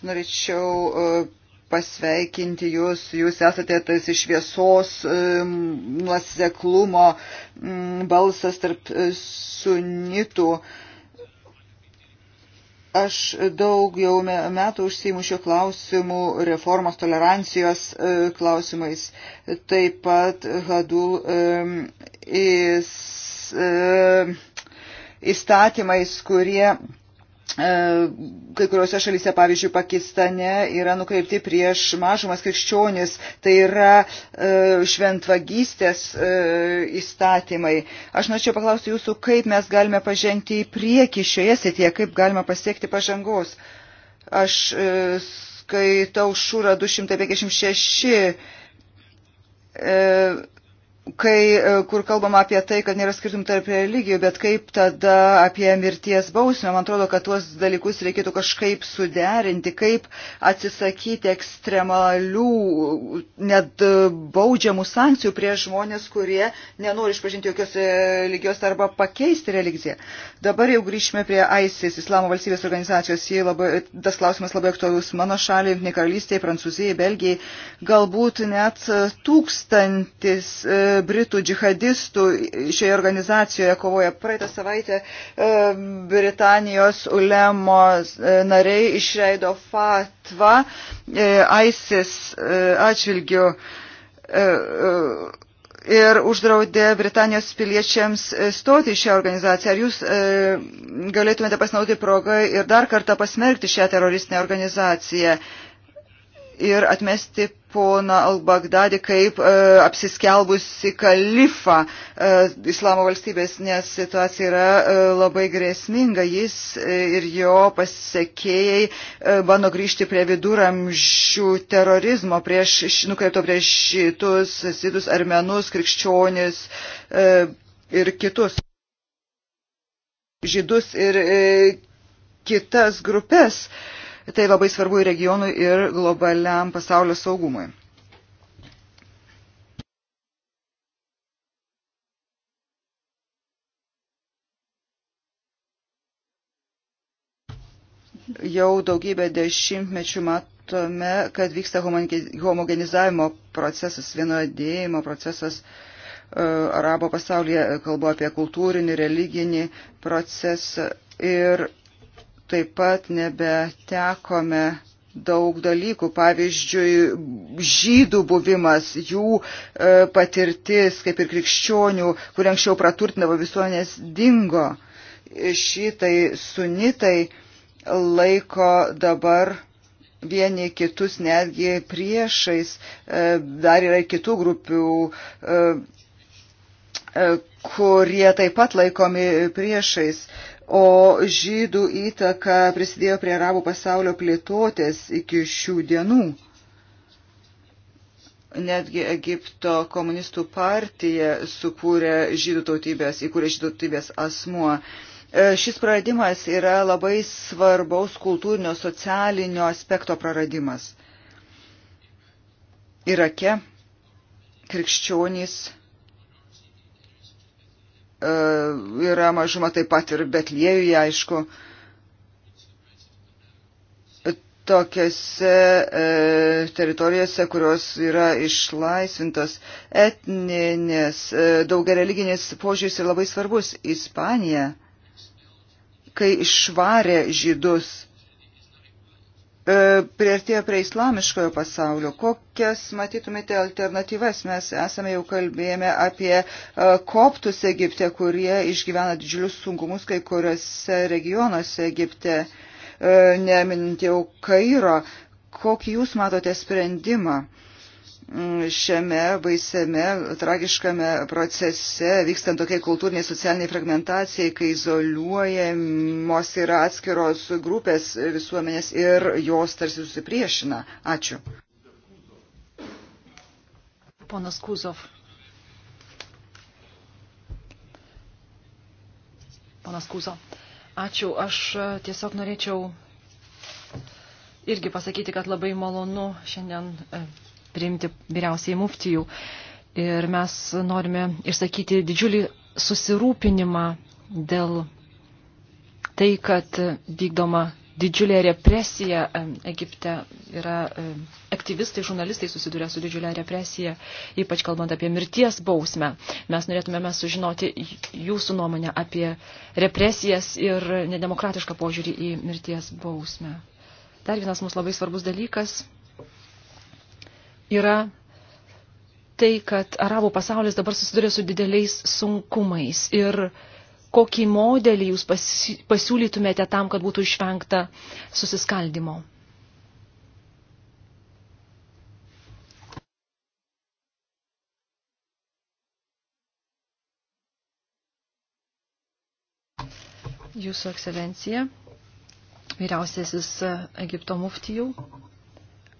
Norėčiau pasveikinti jūs, jūs esate tas šviesos nuoseklumo balsas tarp sunitų. Um, Aš daug jau metų užsiimu šio klausimų, reformos tolerancijos e, klausimais, taip pat Hadul įstatymais, kurie E, kai kuriuose šalyse, pavyzdžiui, Pakistane, yra nukreipti prieš mažumas krikščionis, tai yra e, šventvagystės e, įstatymai. Aš norėčiau paklausti jūsų, kaip mes galime pažengti į priekį šioje srityje, kaip galima pasiekti pažangos. Aš skaitau šūrą 256 kai, e, kur kalbama apie tai, kad nėra skirtum tarp religijų, bet kaip tada apie mirties bausmę, man atrodo, kad tuos dalykus reikėtų kažkaip suderinti, kaip atsisakyti ekstremalių, net baudžiamų sankcijų prieš žmonės, kurie nenori išpažinti jokios religijos arba pakeisti religiją. Dabar jau grįžime prie ISIS, Islamo valstybės organizacijos, Jie labai, tas klausimas labai aktualus mano šaliai, Jungtinė karalystė, Prancūzijai, Belgijai, galbūt net tūkstantis. E, Britų džihadistų šioje organizacijoje kovoja. Praeitą savaitę e, Britanijos ulemos e, nariai išleido fatvą e, ISIS atžvilgių ir uždraudė Britanijos piliečiams stoti į šią organizaciją. Ar jūs e, galėtumėte pasinaudoti progą ir dar kartą pasmerkti šią teroristinę organizaciją ir atmesti pona Al-Baghdadi kaip e, apsiskelbusi kalifą e, islamo valstybės, nes situacija yra e, labai grėsminga. Jis e, ir jo pasiekėjai e, bando grįžti prie viduramžių terorizmo, prieš, nukreipto prieš šitus, sidus, armenus, krikščionis e, ir kitus žydus ir e, kitas grupės. E, Tai labai svarbu ir regionui, ir globaliam pasaulio saugumui. Jau daugybę dešimtmečių matome, kad vyksta homogenizavimo procesas, vienodėjimo procesas e, arabo pasaulyje, kalbu apie kultūrinį, religinį procesą ir taip pat nebetekome daug dalykų, pavyzdžiui, žydų buvimas, jų e, patirtis, kaip ir krikščionių, kur anksčiau praturtindavo visuomenės, dingo. Šitai sunitai laiko dabar vieni kitus netgi priešais, e, dar yra kitų grupių e, kurie taip pat laikomi priešais, o žydų įtaka prisidėjo prie arabų pasaulio plėtotės iki šių dienų. Netgi Egipto komunistų partija sukūrė žydų tautybės, įkūrė žydų tautybės asmuo. E, šis praradimas yra labai svarbaus kultūrinio, socialinio aspekto praradimas. Irake krikščionys E, yra mažuma taip pat ir Betliejuje, aišku. Tokiose e, teritorijose, kurios yra išlaisvintos etninės, e, daugia religinės požiūris yra labai svarbus. Ispanija, kai išvarė žydus, E, priartėjo prie islamiškojo pasaulio. Kokias matytumėte alternatyvas? Mes esame jau kalbėjome apie e, koptus Egipte, kurie išgyvena didžiulius sunkumus kai kuriuose regionuose Egipte, e, nemint jau Kairo. Kokį jūs matote sprendimą? šiame baisiame, tragiškame procese, vykstant tokiai kultūriniai socialiniai fragmentacijai, kai izoliuojamos yra atskiros grupės visuomenės ir jos tarsi susipriešina. Ačiū. Ponas Kuzov. Ponas Kuzo. Ačiū. Aš e, tiesiog norėčiau irgi pasakyti, kad labai malonu šiandien e, priimti vyriausiai muftijų. Ir mes norime išsakyti didžiulį susirūpinimą dėl tai, kad vykdoma didžiulė represija e, Egipte yra e, aktyvistai, žurnalistai susiduria su didžiulė represija, ypač kalbant apie mirties bausmę. Mes norėtumėme sužinoti jūsų nuomonę apie represijas ir nedemokratišką požiūrį į mirties bausmę. Dar vienas mums labai svarbus dalykas yra tai, kad arabų pasaulis dabar susiduria su dideliais sunkumais ir kokį modelį jūs pasiūlytumėte tam, kad būtų išvengta susiskaldimo. Jūsų ekscelencija, vyriausiasis Egipto muftijų,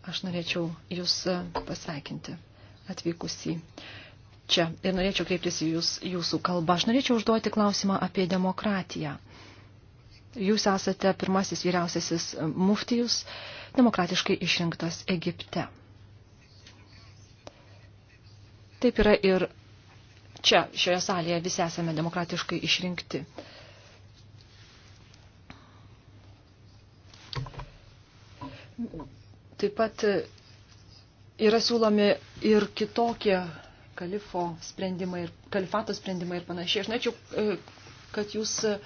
Aš norėčiau Jūs e, pasveikinti atvykusį čia ir norėčiau kreiptis į jūs, Jūsų kalbą. Aš norėčiau užduoti klausimą apie demokratiją. Jūs esate pirmasis vyriausiasis muftijus, demokratiškai išrinktas Egipte. Taip yra ir čia, šioje salėje, visi esame demokratiškai išrinkti. Taip pat yra siūlomi ir kitokie kalifo sprendimai ir kalifato sprendimai ir panašiai. Aš norėčiau, e, kad jūs e,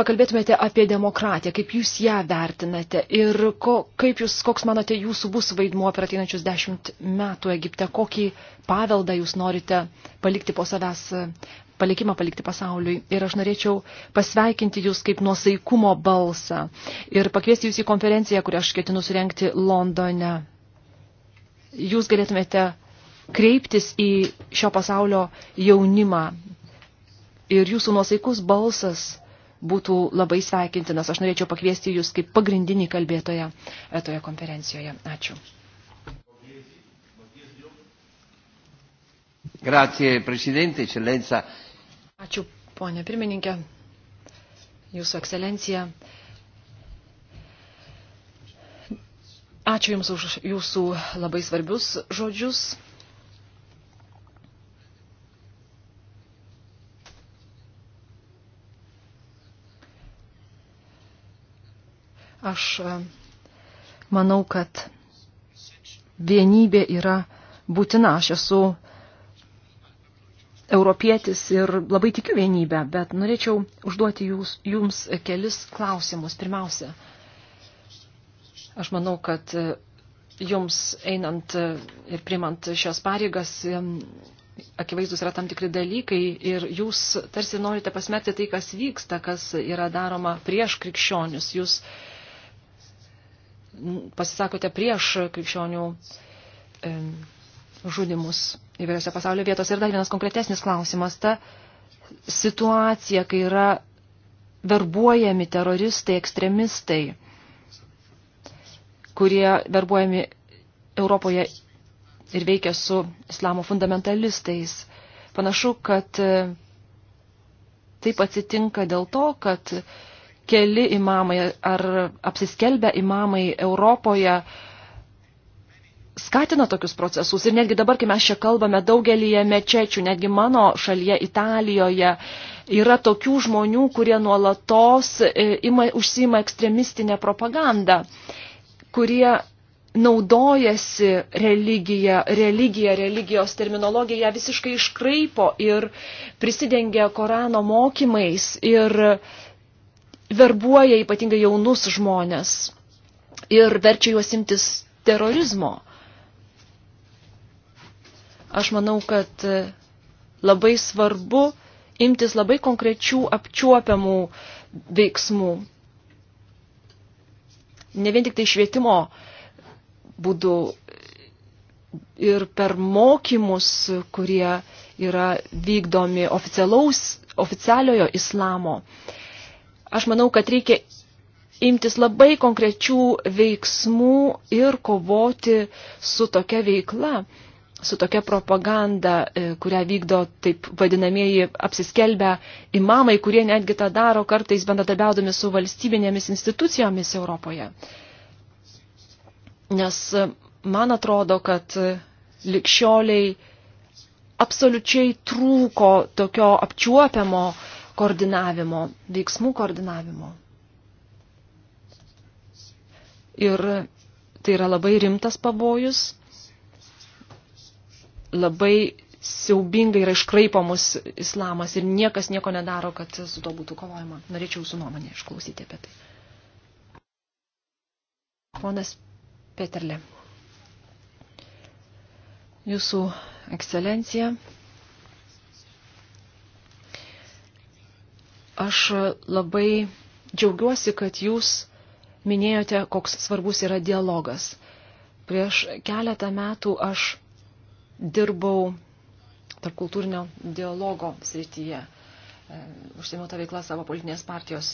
pakalbėtumėte apie demokratiją, kaip jūs ją vertinate ir ko, kaip jūs, koks manote jūsų bus vaidmuo per ateinančius dešimt metų Egipte, kokį paveldą jūs norite palikti po savęs palikimą palikti pasauliui. Ir aš norėčiau pasveikinti jūs kaip nuosaikumo balsą ir pakviesti jūs į konferenciją, kurią aš ketinu surenkti Londone. Jūs galėtumėte kreiptis į šio pasaulio jaunimą ir jūsų nuosaikus balsas būtų labai sveikintinas. Aš norėčiau pakviesti jūs kaip pagrindinį kalbėtoją toje konferencijoje. Ačiū. Grazie Presidente, Eccellenza. Ačiū, ponė pirmininkė, Jūsų ekscelencija. Ačiū Jums už Jūsų labai svarbius žodžius. Aš e, manau, kad vienybė yra būtina. Aš esu europietis ir labai tikiu vienybę, bet norėčiau užduoti jūs, jums kelis klausimus. Pirmiausia, aš manau, kad e, jums einant e, ir primant šios pareigas e, akivaizdus yra tam tikri dalykai ir jūs tarsi norite pasmerkti tai, kas vyksta, kas yra daroma prieš krikščionius. Jūs pasisakote prieš krikščionių žudimus įvairiose pasaulio vietose. Ir dar vienas konkretesnis klausimas. Ta situacija, kai yra verbuojami teroristai, ekstremistai, kurie verbuojami Europoje ir veikia su islamo fundamentalistais. Panašu, kad e, taip atsitinka dėl to, kad keli imamai ar apsiskelbę imamai Europoje uh, skatina tokius procesus. Ir netgi dabar, kai mes čia kalbame daugelyje mečečių, netgi mano šalyje Italijoje, yra tokių žmonių, kurie nuolatos e, ima, užsima ekstremistinę propagandą, kurie naudojasi religiją, religiją, religijos terminologiją visiškai iškraipo ir prisidengia Korano mokymais ir verbuoja ypatingai jaunus žmonės ir verčia juos imtis terorizmo. Aš manau, kad e, labai svarbu imtis labai konkrečių apčiuopiamų veiksmų. Ne vien tik tai švietimo būdu ir per mokymus, kurie yra vykdomi oficialaus, oficialiojo islamo. Aš manau, kad reikia imtis labai konkrečių veiksmų ir kovoti su tokia veikla, su tokia propaganda, e, kurią vykdo taip vadinamieji apsiskelbę imamai, kurie netgi tą daro kartais bendradarbiaudami su valstybinėmis institucijomis Europoje. Nes e, man atrodo, kad e, likščioliai absoliučiai trūko tokio apčiuopiamo koordinavimo, veiksmų koordinavimo. Ir tai yra labai rimtas pavojus labai siaubingai yra iškraipomus islamas ir niekas nieko nedaro, kad su to būtų kovojama. Norėčiau jūsų nuomonę išklausyti apie tai. Ponas Peterle, jūsų ekscelencija, aš labai džiaugiuosi, kad jūs minėjote, koks svarbus yra dialogas. Prieš keletą metų aš dirbau tarpkultūrinio dialogo srityje, e, užsiemiau tą veiklą savo politinės partijos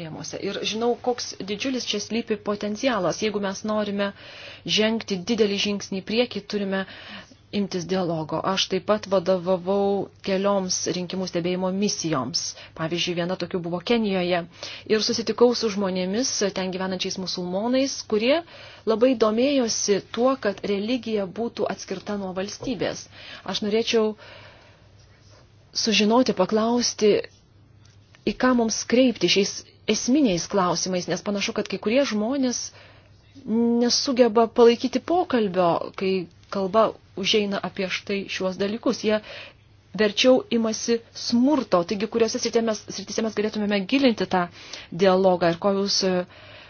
rėmuose. Ir žinau, koks didžiulis čia slypi potencialas. Jeigu mes norime žengti didelį žingsnį į priekį, turime imtis dialogo. Aš taip pat vadovavau kelioms rinkimų stebėjimo misijoms. Pavyzdžiui, viena tokių buvo Kenijoje. Ir susitikau su žmonėmis, ten gyvenančiais musulmonais, kurie labai domėjosi tuo, kad religija būtų atskirta nuo valstybės. Aš norėčiau sužinoti, paklausti, į ką mums kreipti šiais esminiais klausimais, nes panašu, kad kai kurie žmonės nesugeba palaikyti pokalbio, kai kalba užeina apie štai šiuos dalykus. Jie verčiau imasi smurto, taigi kuriuose srityse mes galėtumėme gilinti tą dialogą ir ko jūs e,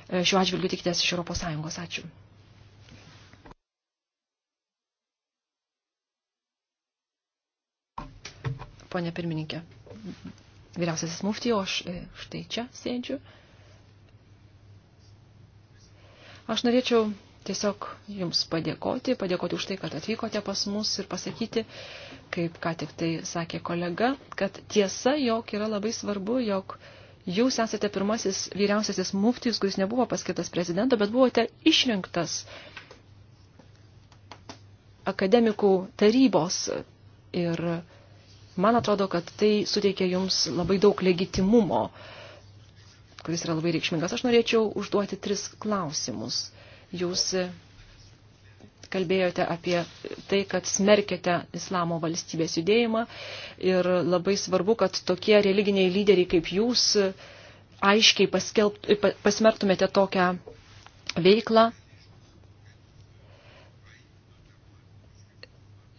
e, šiuo atžvilgiu tikitės iš Europos Sąjungos. Ačiū. Pone pirmininkė, vyriausiasis mufti, o aš e, štai čia sėdžiu. Aš norėčiau tiesiog Jums padėkoti, padėkoti už tai, kad atvykote pas mus ir pasakyti, kaip ką tik tai sakė kolega, kad tiesa, jog yra labai svarbu, jog Jūs esate pirmasis vyriausiasis muftijus, kuris nebuvo paskirtas prezidento, bet buvote išrinktas akademikų tarybos ir man atrodo, kad tai suteikia Jums labai daug legitimumo, kuris yra labai reikšmingas. Aš norėčiau užduoti tris klausimus Jūs kalbėjote apie tai, kad smerkėte islamo valstybės judėjimą ir labai svarbu, kad tokie religiniai lyderiai kaip jūs aiškiai paskelbt, pasmerktumėte tokią veiklą.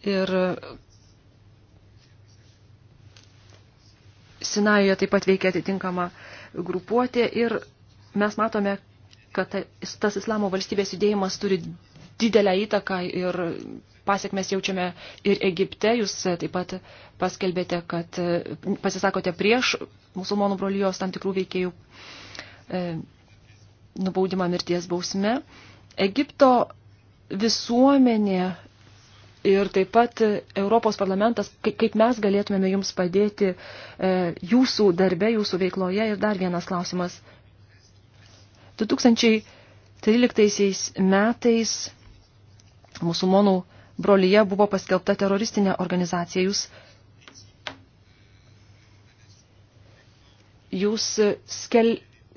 Ir Sinajoje taip pat veikia atitinkama grupuotė ir mes matome, kad tas islamo valstybės judėjimas turi didelę įtaką ir pasiekmes jaučiame ir Egipte. Jūs e, taip pat paskelbėte, kad e, pasisakote prieš musulmonų brolijos tam tikrų veikėjų e, nubaudimą mirties bausme. Egipto visuomenė ir taip pat Europos parlamentas, kaip mes galėtumėme jums padėti jūsų darbe, jūsų veikloje. Ir dar vienas klausimas 2013 metais musulmonų brolyje buvo paskelbta teroristinė organizacija. Jūs, jūs skel,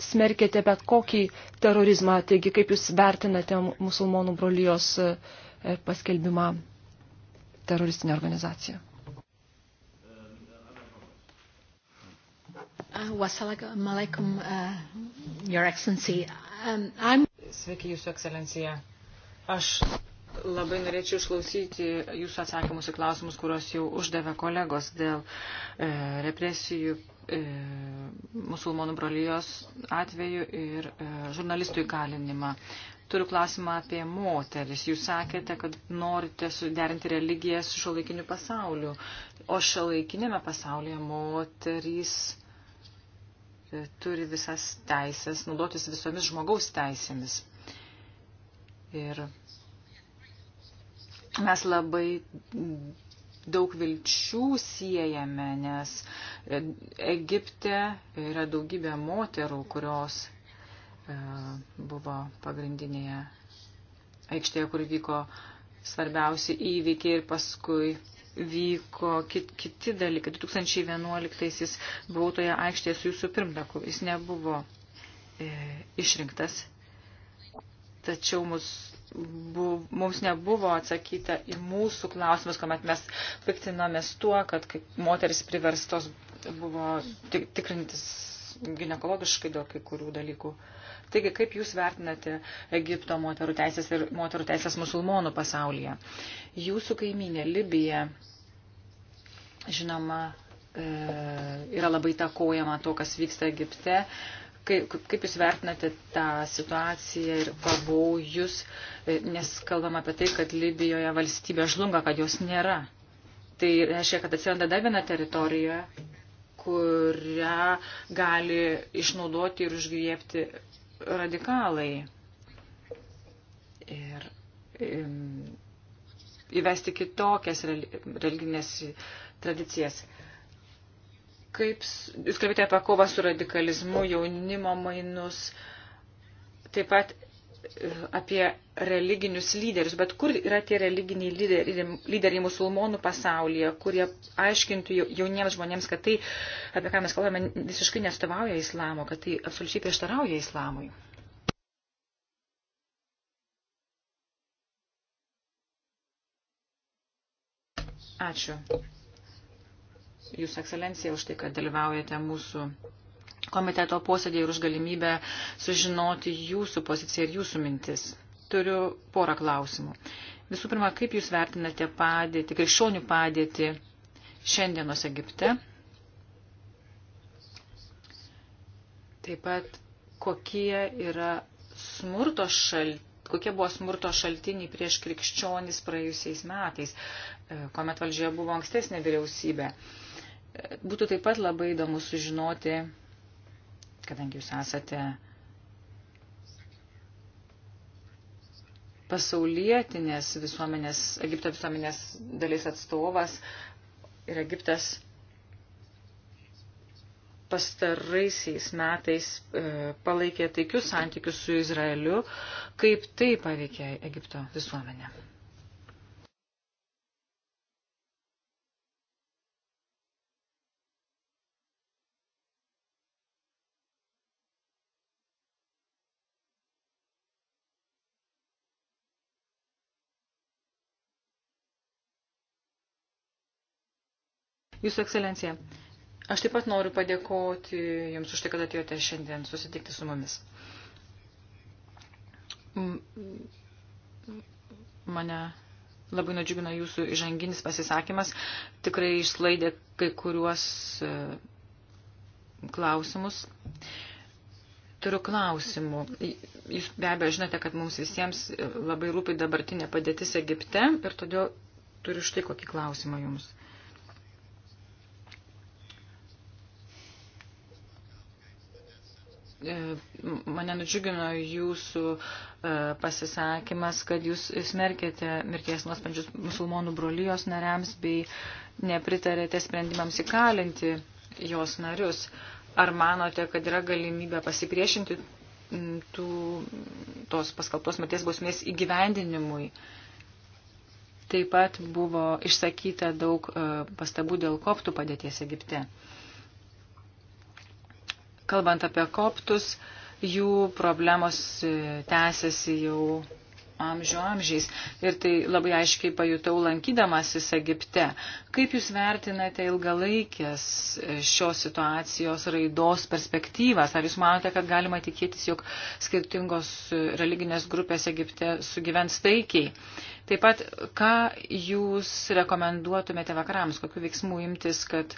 smerkėte bet kokį terorizmą, taigi kaip jūs vertinate musulmonų brolyjos e, paskelbimą teroristinę organizaciją? Uh, Wassalamu alaikum, uh, Your Excellency. Um, I'm... Sveiki, Jūsų ekscelencija. Aš Labai norėčiau išklausyti jūsų atsakymus į klausimus, kuriuos jau uždavė kolegos dėl e, represijų e, musulmonų brolyjos atveju ir e, žurnalistų įkalinimą. Turiu klausimą apie moteris. Jūs sakėte, kad norite suderinti religiją su šiuolaikiniu pasauliu, o šiuolaikinėme pasaulyje moterys turi visas teisės, naudotis visomis žmogaus teisėmis. Ir mes labai daug vilčių siejame, nes Egipte yra daugybė moterų, kurios e, buvo pagrindinėje aikštėje, kur vyko svarbiausi įvykiai ir paskui vyko kit, kiti dalykai. 2011-aisiais buvau toje aikštėje su jūsų pirmdaku. Jis nebuvo e, išrinktas, tačiau mus, bu, mums nebuvo atsakyta į mūsų klausimus, kuomet mes piktinomės tuo, kad moteris priverstos buvo tik, tikrintis ginekologiškai dėl kai kurių dalykų. Taigi, kaip Jūs vertinate Egipto moterų teisės ir moterų teisės musulmonų pasaulyje? Jūsų kaiminė Libija žinoma, e, yra labai takojama to, kas vyksta Egipte. Kaip, kaip Jūs vertinate tą situaciją ir pavojus, e, nes kalbam apie tai, kad Libijoje valstybė žlunga, kad jos nėra. Tai reiškia, kad atsiranda dar viena teritorija, kurią gali išnaudoti ir užgriepti radikalai. Ir, ir įvesti kitokias religinės tradicijas. Kaip jūs kalbėjote apie kovą su radikalizmu, jaunimo mainus, taip pat e, apie religinius lyderius, bet kur yra tie religiniai lyderiai, lyderiai musulmonų pasaulyje, kurie aiškintų jauniems žmonėms, kad tai, apie ką mes kalbame, visiškai nestovauja islamo, kad tai absoliučiai prieštarauja islamui. Ačiū. Jūs ekscelencija už tai, kad dalyvaujate mūsų komiteto posėdėje ir už galimybę sužinoti jūsų poziciją ir jūsų mintis. Turiu porą klausimų. Visų pirma, kaip jūs vertinate padėtį, krikščionių padėtį šiandienos Egipte? Taip pat, kokie yra smurto šaltiniai kokie buvo smurto šaltiniai prieš krikščionis praėjusiais metais, e, kuomet valdžioje buvo ankstesnė vyriausybė. Uh, Būtų taip pat labai įdomu sužinoti, kadangi jūs esate pasaulietinės visuomenės, Egipto visuomenės dalis atstovas ir Egiptas pastaraisiais metais e, palaikė taikius santykius su Izraeliu, kaip tai paveikė Egipto visuomenę. Jūsų ekscelencija, aš taip pat noriu padėkoti Jums už tai, kad atėjote šiandien susitikti su mumis. Mane labai nudžiugino Jūsų įžanginis pasisakymas, tikrai išslaidė kai kuriuos e, klausimus. Turiu klausimų. Jūs be abejo žinote, kad mums visiems e, labai rūpi dabartinė padėtis Egipte ir todėl turiu štai kokį klausimą jums. E, mane nudžiugino jūsų e, pasisakymas, kad jūs smerkėte mirties nuosprendžius musulmonų brolyjos nariams bei nepritarėte sprendimams įkalinti jos narius. Ar manote, kad yra galimybė pasipriešinti tų, tos paskaltos mirties bausmės įgyvendinimui? Taip pat buvo išsakyta daug e, pastabų dėl koptų padėties Egipte. Uh, Kalbant apie koptus, jų problemos e, tęsiasi jau amžių amžiais ir tai labai aiškiai pajutau lankydamasis Egipte. Kaip Jūs vertinate ilgalaikės e, šios situacijos raidos perspektyvas? Ar Jūs manote, kad galima tikėtis, jog skirtingos e, religinės grupės Egipte sugyvens taikiai? Taip pat, ką jūs rekomenduotumėte vakarams, kokiu veiksmu imtis, kad e,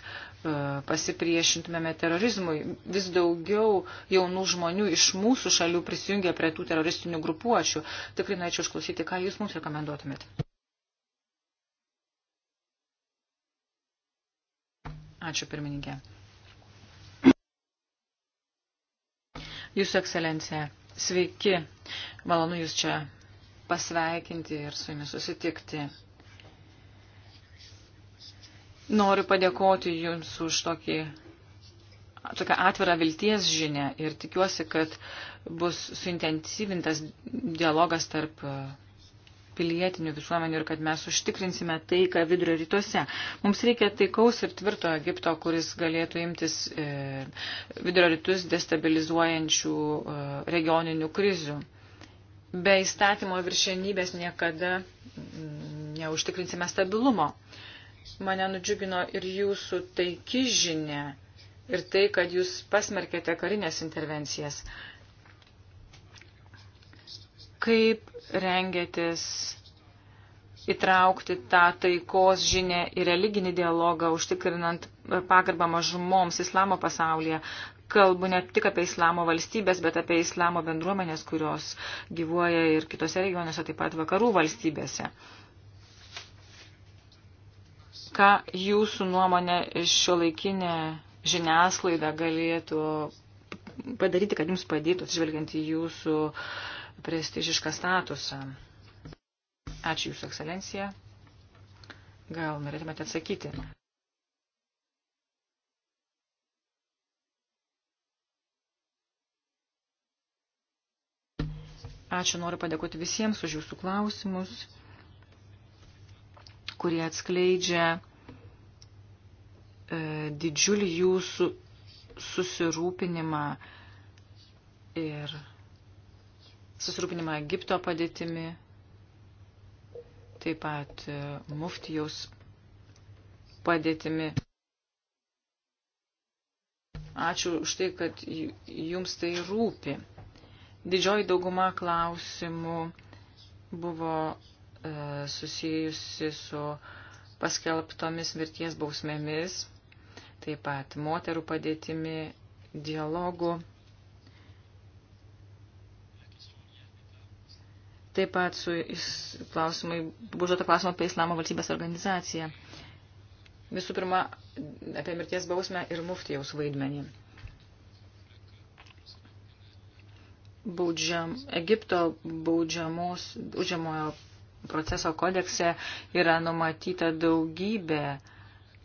pasipriešintumėme terorizmui. Vis daugiau jaunų žmonių iš mūsų šalių prisijungia prie tų teroristinių grupuočių. Tikrai norėčiau išklausyti, ką jūs mums rekomenduotumėte. Ačiū pirmininkė. Jūsų ekscelencija, sveiki. Malonu jūs čia pasveikinti ir su jumis susitikti. Noriu padėkoti jums už tokį, tokią atvirą vilties žinę ir tikiuosi, kad bus suintensyvintas dialogas tarp e, pilietinių visuomenių ir kad mes užtikrinsime taiką vidurio rytuose. Mums reikia taikaus ir tvirto Egipto, kuris galėtų imtis e, vidurio rytus destabilizuojančių e, regioninių krizių be įstatymo viršienybės niekada neužtikrinsime stabilumo. Mane nudžiugino ir jūsų taiki žinia ir tai, kad jūs pasmerkėte karinės intervencijas. Kaip rengėtės įtraukti tą taikos žinę į religinį dialogą, užtikrinant pagarbą mažumoms islamo pasaulyje kalbu ne tik apie islamo valstybės, bet apie islamo bendruomenės, kurios gyvuoja ir kitose regionuose, taip pat vakarų valstybėse. Ką jūsų nuomonė šio laikinė žiniasklaida galėtų padaryti, kad jums padėtų, atsižvelgiant į jūsų prestižišką statusą? Ačiū Jūsų ekscelencija. Gal norėtumėte atsakyti? Ačiū, noriu padėkoti visiems už jūsų klausimus, kurie atskleidžia e, didžiulį jūsų susirūpinimą ir susirūpinimą Egipto padėtimi, taip pat e, muftijaus padėtimi. Ačiū už tai, kad jums tai rūpi. Didžioji dauguma klausimų buvo e, susijusi su paskelbtomis mirties bausmėmis, taip pat moterų padėtimi, dialogu. Taip pat su klausimai, užduota klausimą apie Islamo valstybės organizaciją. Visų pirma, apie mirties bausmę ir muftijaus vaidmenį. baudžiam, Egipto baudžiamos, baudžiamojo proceso kodekse yra numatyta daugybė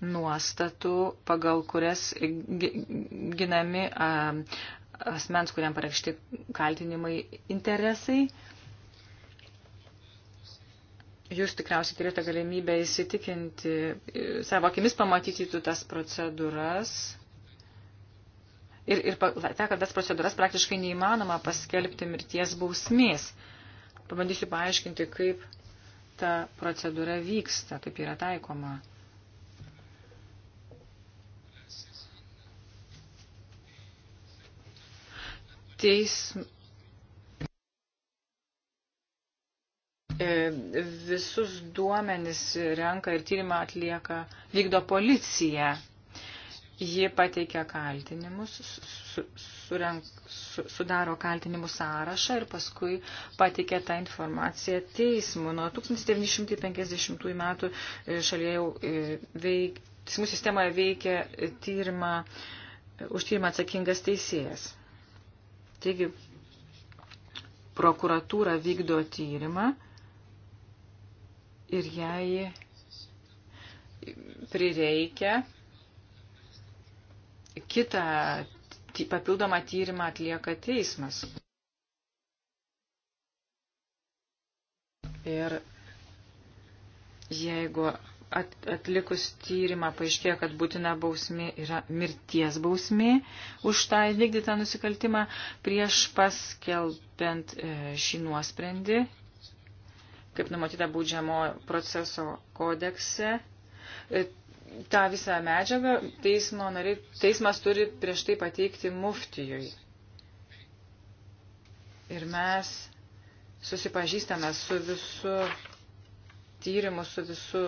nuostatų, pagal kurias ginami asmens, kuriam pareikšti kaltinimai interesai. Jūs tikriausiai turite galimybę įsitikinti, e, savo akimis pamatyti tas procedūras ir, ir tekant tas procedūras praktiškai neįmanoma paskelbti mirties bausmės. Pabandysiu paaiškinti, kaip ta procedūra vyksta, kaip yra taikoma. Teism... E, visus duomenis renka ir tyrimą atlieka, vykdo policija Ji pateikia kaltinimus, su, surenk, su, sudaro kaltinimų sąrašą ir paskui pateikia tą informaciją teismų. Nuo 1950 metų e, šalyje jau e, veik, teismų sistemoje veikia e, tyrimą, už tyrimą atsakingas teisėjas. Taigi, prokuratūra vykdo tyrimą ir jai prireikia kitą papildomą tyrimą atlieka teismas. Ir jeigu at, atlikus tyrimą paaiškėjo, kad būtina bausmė yra mirties bausmė už tą įvykdytą nusikaltimą, prieš paskelbent e, šį nuosprendį, kaip numatyta būdžiamo proceso kodekse, e, tą visą medžiagą teismo nariai, teismas turi prieš tai pateikti muftijui. Ir mes susipažįstame su visu tyrimu, su visu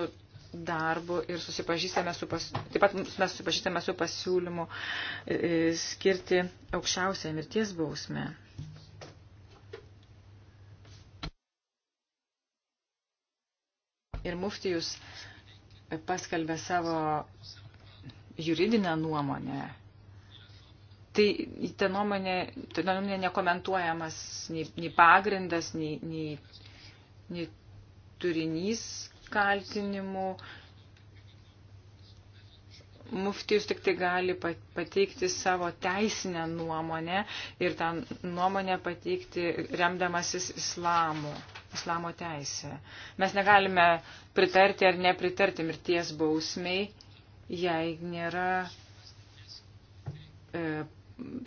darbu ir susipažįstame su, pas, taip pat mes susipažįstame su pasiūlymu e, e, skirti aukščiausią mirties bausmę. Ir muftijus paskelbė savo juridinę nuomonę, tai ta nuomonė, ta nuomonė nekomentuojamas nei, nei pagrindas, nei, nei, nei turinys kaltinimų. Muftijus tik tai gali pateikti savo teisinę nuomonę ir tą nuomonę pateikti remdamasis islamu islamo teisė. Mes negalime pritarti ar nepritarti mirties bausmiai, jei nėra e,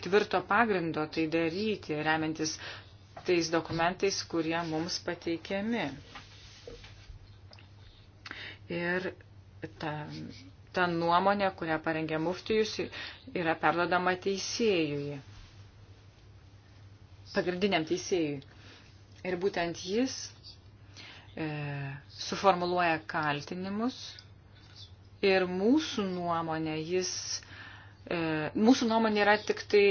tvirto pagrindo tai daryti, remiantis tais dokumentais, kurie mums pateikiami. Ir ta, ta nuomonė, kurią parengė muftijus, yra perdodama teisėjui, pagrindiniam teisėjui. Ir būtent jis e, suformuluoja kaltinimus ir mūsų nuomonė jis. E, mūsų nuomonė yra tik tai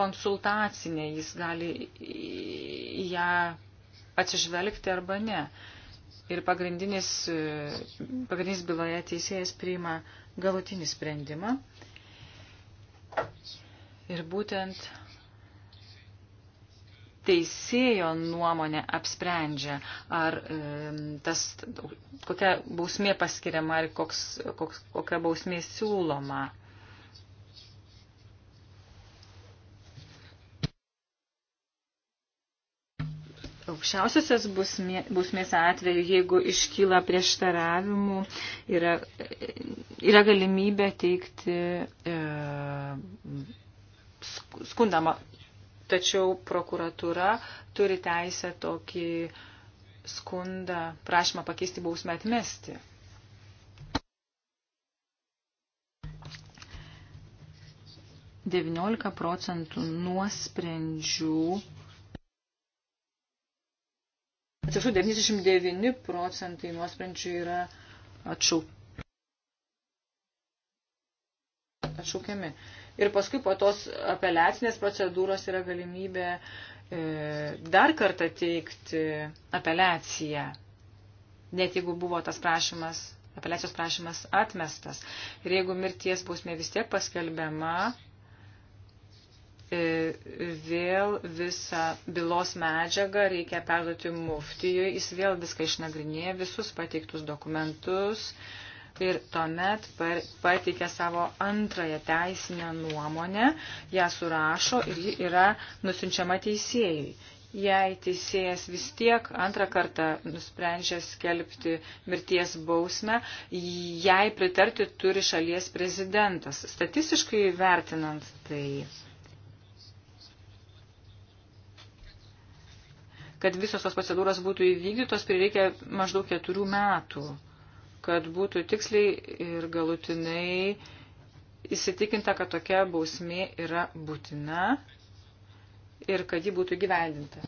konsultacinė, jis gali į ją atsižvelgti arba ne. Ir pagrindinis, e, pagrindinis byloje teisėjas priima galutinį sprendimą. Ir būtent teisėjo nuomonė apsprendžia, ar tas, kokia bausmė paskiriama, ar koks, koks, kokia bausmė siūloma. aukščiausiosios bausmės atveju, jeigu iškyla prieštaravimų, yra, yra galimybė teikti e, skundama tačiau prokuratūra turi teisę tokį skundą, prašymą pakeisti bausmę atmesti. Devyniolika procentų nuosprendžių Atsiprašau, 99 procentai nuosprendžių yra atšauk... atšaukiami. Ir paskui po tos apeliacinės procedūros yra galimybė e, dar kartą teikti apeliaciją, net jeigu buvo tas prašymas, apeliacijos prašymas atmestas. Ir jeigu mirties bausmė vis tiek paskelbiama, e, vėl visą bylos medžiagą reikia perduoti muftijui, jis vėl viską išnagrinėja, visus pateiktus dokumentus, ir tuomet pateikia savo antrąją teisinę nuomonę, ją surašo ir ji yra nusinčiama teisėjui. Jei teisėjas vis tiek antrą kartą nusprendžia skelbti mirties bausmę, jai pritarti turi šalies prezidentas. Statistiškai vertinant tai, kad visos tos procedūros būtų įvykdytos, prireikia maždaug keturių metų kad būtų tiksliai ir galutinai įsitikinta, kad tokia bausmė yra būtina ir kad ji būtų gyvendinta.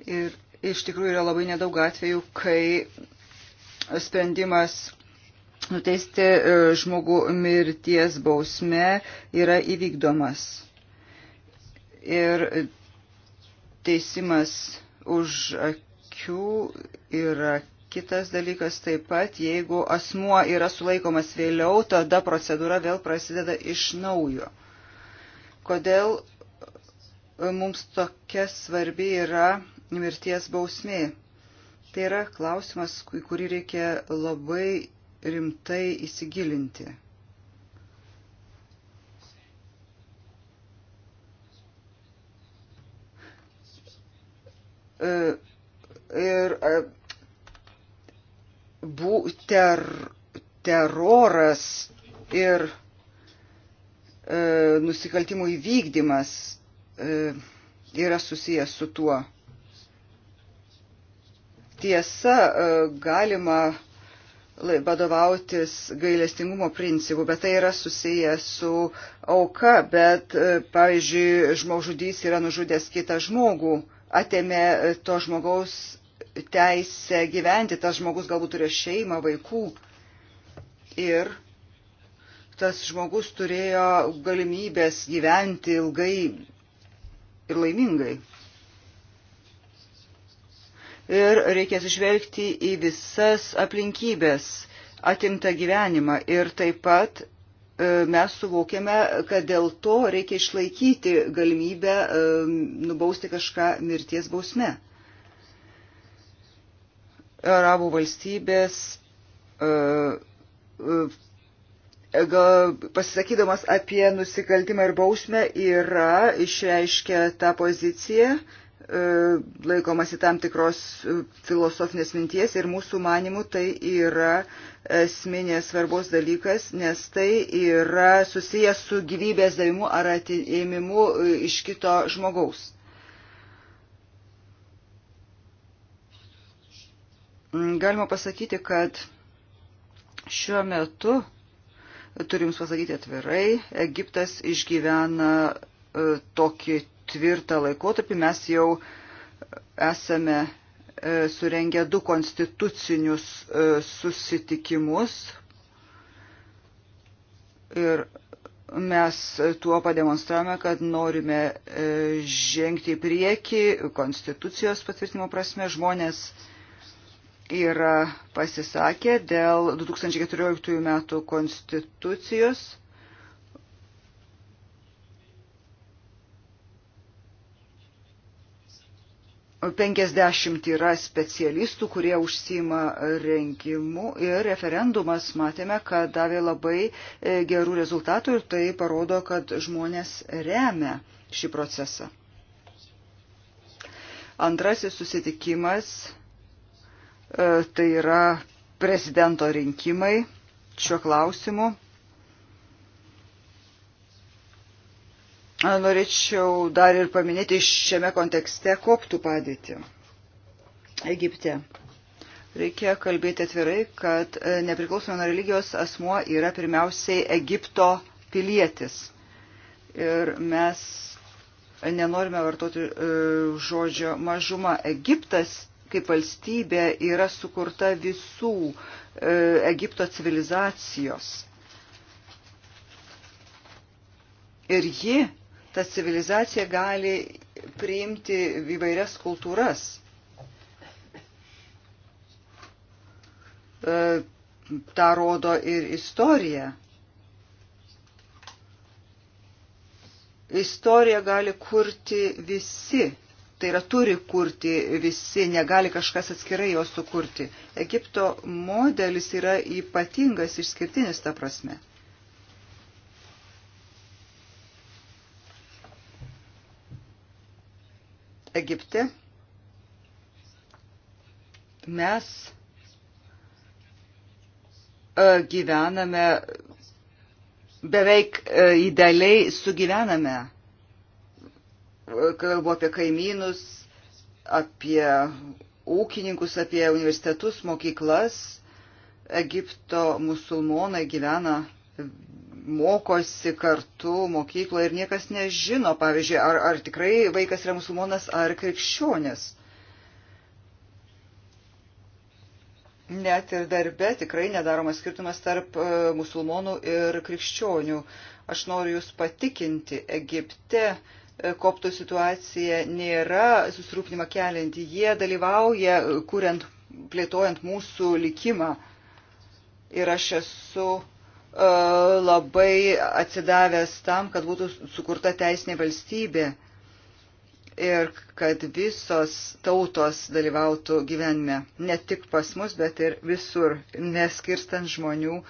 Ir iš tikrųjų yra labai nedaug atvejų, kai sprendimas nuteisti e, žmogų mirties bausme yra įvykdomas. Ir teisimas už akių yra Kitas dalykas taip pat, jeigu asmuo yra sulaikomas vėliau, tada procedūra vėl prasideda iš naujo. Kodėl e, mums tokia svarbi yra mirties bausmė? Tai yra klausimas, į kurį reikia labai rimtai įsigilinti. E, ir e, bū, ter, teroras ir e, nusikaltimų įvykdymas e, yra susijęs su tuo. Tiesa, e, galima vadovautis gailestingumo principu, bet tai yra susiję su auka, bet, e, pavyzdžiui, žmogžudys yra nužudęs kitą žmogų. E, atėmė e, to žmogaus teisę gyventi, tas žmogus galbūt turėjo šeimą, vaikų ir tas žmogus turėjo galimybės gyventi ilgai ir laimingai. Ir reikės išvelgti į visas aplinkybės atimtą gyvenimą ir taip pat E, mes suvokėme, kad dėl to reikia išlaikyti galimybę e, nubausti kažką mirties bausme. Arabų valstybės e, pasisakydamas apie nusikaltimą ir bausmę yra išreiškę tą poziciją, E, laikomasi tam tikros e, filosofinės minties ir mūsų manimų tai yra esminės svarbos dalykas, nes tai yra susijęs su gyvybės davimu ar atėmimu e, iš kito žmogaus. Galima pasakyti, kad šiuo metu, turiu Jums pasakyti atvirai, Egiptas išgyvena tokį tvirtą laikotarpį mes jau esame e, surengę du konstitucinius e, susitikimus ir mes tuo pademonstravome, kad norime e, žengti į priekį konstitucijos patvirtimo prasme žmonės yra pasisakę dėl 2014 metų konstitucijos 50 yra specialistų, kurie užsima rengimu ir referendumas matėme, kad davė labai e, gerų rezultatų ir tai parodo, kad žmonės remia šį procesą. Antrasis susitikimas e, tai yra prezidento rinkimai šiuo klausimu. norėčiau dar ir paminėti šiame kontekste koptų padėtį Egipte. Reikia kalbėti atvirai, kad e, nepriklausomai nuo religijos asmuo yra pirmiausiai Egipto pilietis. Ir mes nenorime vartoti e, žodžio mažuma. Egiptas kaip valstybė yra sukurta visų e, Egipto civilizacijos. Ir ji ta civilizacija gali priimti įvairias kultūras. E, ta rodo ir istorija. Istoriją gali kurti visi. Tai yra turi kurti visi, negali kažkas atskirai jos sukurti. Egipto modelis yra ypatingas, išskirtinis ta prasme. Egipte mes e, gyvename, beveik e, idealiai sugyvename. E, kalbu apie kaimynus, apie ūkininkus, apie universitetus, mokyklas. Egipto musulmonai gyvena mokosi kartu mokykloje ir niekas nežino, pavyzdžiui, ar, ar tikrai vaikas yra musulmonas ar krikščionis. Net ir darbe tikrai nedaromas skirtumas tarp e, musulmonų ir krikščionių. Aš noriu Jūs patikinti, Egipte e, koptų situacija nėra susirūpinimą kelianti. Jie dalyvauja, e, kuriant, plėtojant mūsų likimą. Ir aš esu E, labai atsidavęs tam, kad būtų sukurta teisinė valstybė ir kad visos tautos dalyvautų gyvenime, ne tik pas mus, bet ir visur, neskirstant žmonių e,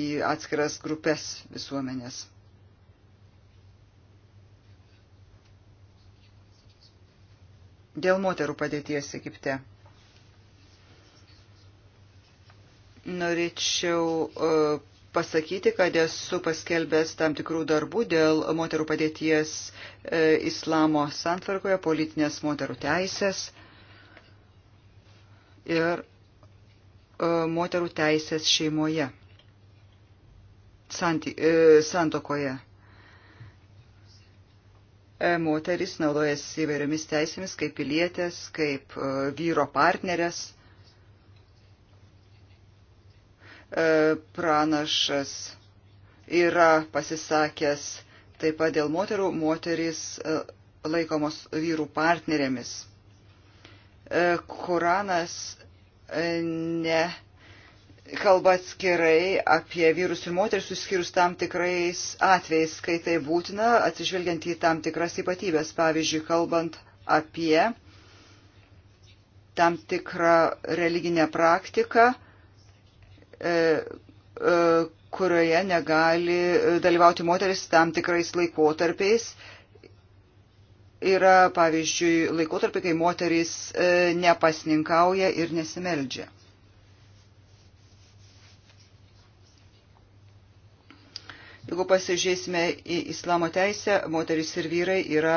į atskiras grupės visuomenės. Dėl moterų padėties Egipte. norėčiau e, pasakyti, kad esu paskelbęs tam tikrų darbų dėl moterų padėties e, islamo santvarkoje, politinės moterų teisės ir e, moterų teisės šeimoje, santy, santokoje. Moteris naudojasi įvairiomis teisėmis kaip pilietės, kaip vyro partnerės E, pranašas yra pasisakęs taip pat dėl moterų, moterys e, laikomos vyrų partnerėmis. E, Koranas ne kalba atskirai apie vyrus ir moteris, suskyrus tam tikrais atvejais, kai tai būtina, atsižvelgiant į tam tikras ypatybės, pavyzdžiui, kalbant apie tam tikrą religinę praktiką, E, e, kurioje negali dalyvauti moteris tam tikrais laikotarpiais. Yra, pavyzdžiui, laikotarpiai, kai moteris e, nepasninkauja ir nesimeldžia. Jeigu pasižiūrėsime į islamo teisę, moteris ir vyrai yra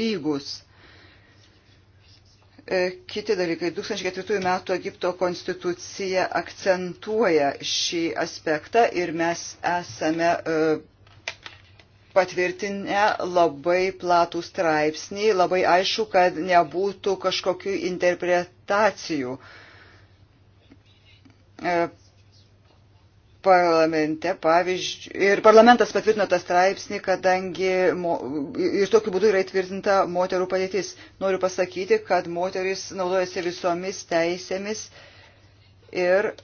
lygus. E, kiti dalykai. 2004 metų Egipto konstitucija akcentuoja šį aspektą ir mes esame e, patvirtinę labai platų straipsnį, labai aišku, kad nebūtų kažkokių interpretacijų e, parlamente, pavyzdžiui, ir parlamentas patvirtino tą straipsnį, kadangi mo, ir tokiu būdu yra įtvirtinta moterų padėtis. Noriu pasakyti, kad moteris naudojasi visomis teisėmis ir e,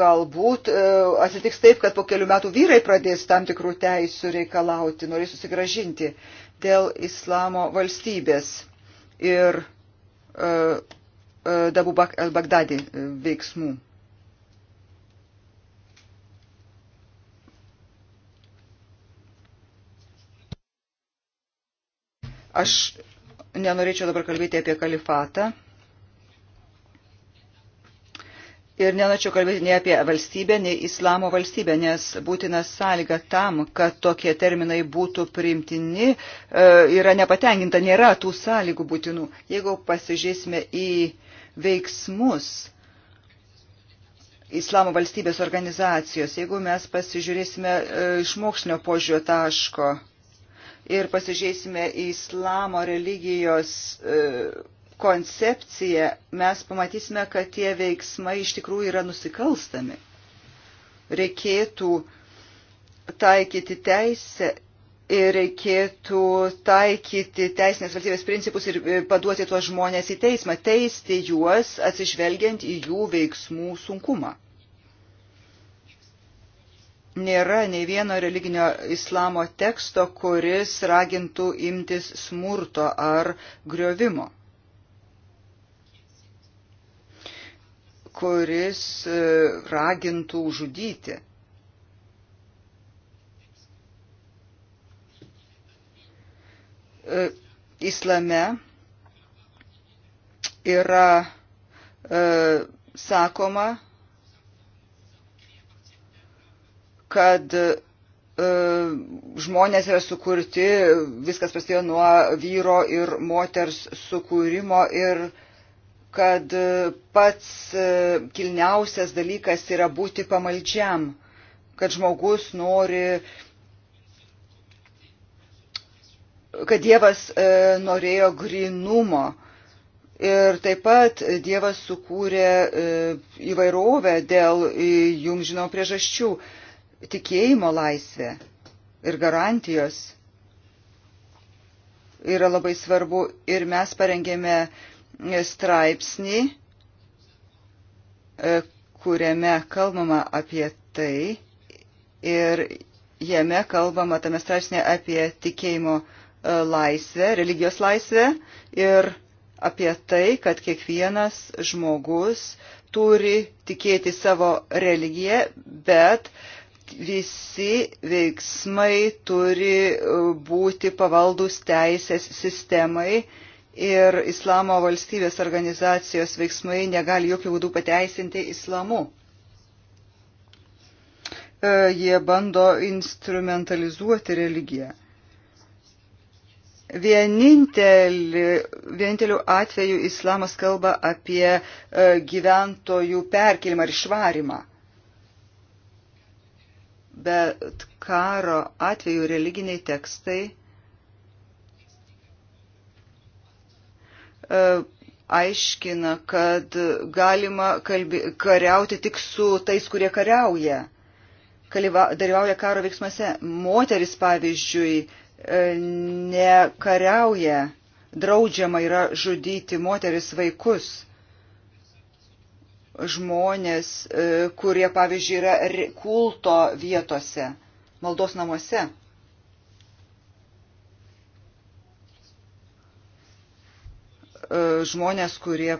galbūt e, atsitiks taip, kad po kelių metų vyrai pradės tam tikrų teisų reikalauti, norės susigražinti dėl islamo valstybės ir uh, uh, Dabu Bagdadi veiksmų. Aš nenorėčiau dabar kalbėti apie kalifatą. Ir nenorėčiau kalbėti nei apie valstybę, nei islamo valstybę, nes būtina sąlyga tam, kad tokie terminai būtų priimtini, e, yra nepatenkinta, nėra tų sąlygų būtinų. Jeigu pasižiūrėsime į veiksmus islamo valstybės organizacijos, jeigu mes pasižiūrėsime e, iš mokslinio požiūrio taško, ir pasižiūrėsime į islamo religijos e, koncepciją, mes pamatysime, kad tie veiksmai iš tikrųjų yra nusikalstami. Reikėtų taikyti teisę ir reikėtų taikyti teisinės valstybės principus ir e, paduoti tuos žmonės į teismą, teisti juos atsižvelgiant į jų veiksmų sunkumą nėra nei vieno religinio islamo teksto, kuris ragintų imtis smurto ar griovimo, kuris e, ragintų žudyti. E, islame yra e, sakoma, kad e, žmonės yra sukurti, viskas prasidėjo nuo vyro ir moters sukūrimo ir kad e, pats e, kilniausias dalykas yra būti pamaldžiam, kad žmogus nori, kad Dievas norėjo grinumo. Ir taip pat Dievas sukūrė įvairovę dėl jums žinau priežasčių tikėjimo laisvė ir garantijos yra labai svarbu ir mes parengėme straipsnį, e, kuriame kalbama apie tai ir jame kalbama tame straipsnė apie tikėjimo e, laisvę, religijos laisvę ir apie tai, kad kiekvienas žmogus turi tikėti savo religiją, bet uh, visi veiksmai turi e, būti pavaldus teisės sistemai ir islamo valstybės organizacijos veiksmai negali jokių būdų pateisinti islamu. E, jie bando instrumentalizuoti religiją. Vieninteliu, vieninteliu atveju islamas kalba apie e, gyventojų perkelimą ir švarimą bet karo atveju religiniai tekstai e, aiškina, kad galima kalbi, kariauti tik su tais, kurie kariauja, Kaliva, dalyvauja karo veiksmuose. Moteris, pavyzdžiui, e, nekariauja, draudžiama yra žudyti moteris vaikus žmonės, e, kurie, pavyzdžiui, yra kulto vietose, maldos namuose. E, žmonės, kurie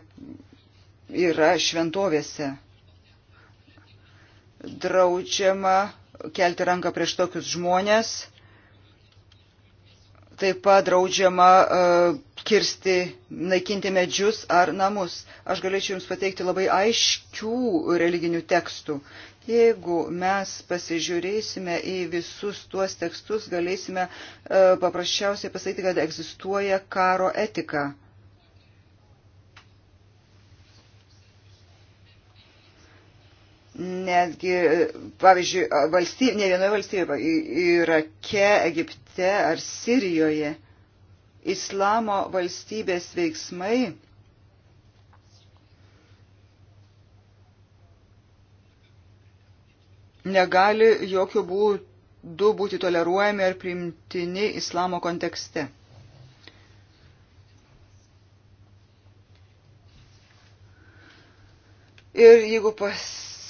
yra šventovėse. Draudžiama kelti ranką prieš tokius žmonės Taip pat draudžiama e, kirsti, naikinti medžius ar namus. Aš galėčiau Jums pateikti labai aiškių religinių tekstų. Jeigu mes pasižiūrėsime į visus tuos tekstus, galėsime e, paprasčiausiai pasakyti, kad egzistuoja karo etika. Netgi, pavyzdžiui, valstybė, ne vienoje valstybėje, Irake, Egipte ar Sirijoje, islamo valstybės veiksmai negali jokių būdų būti toleruojami ar primtini islamo kontekste. Ir jeigu pas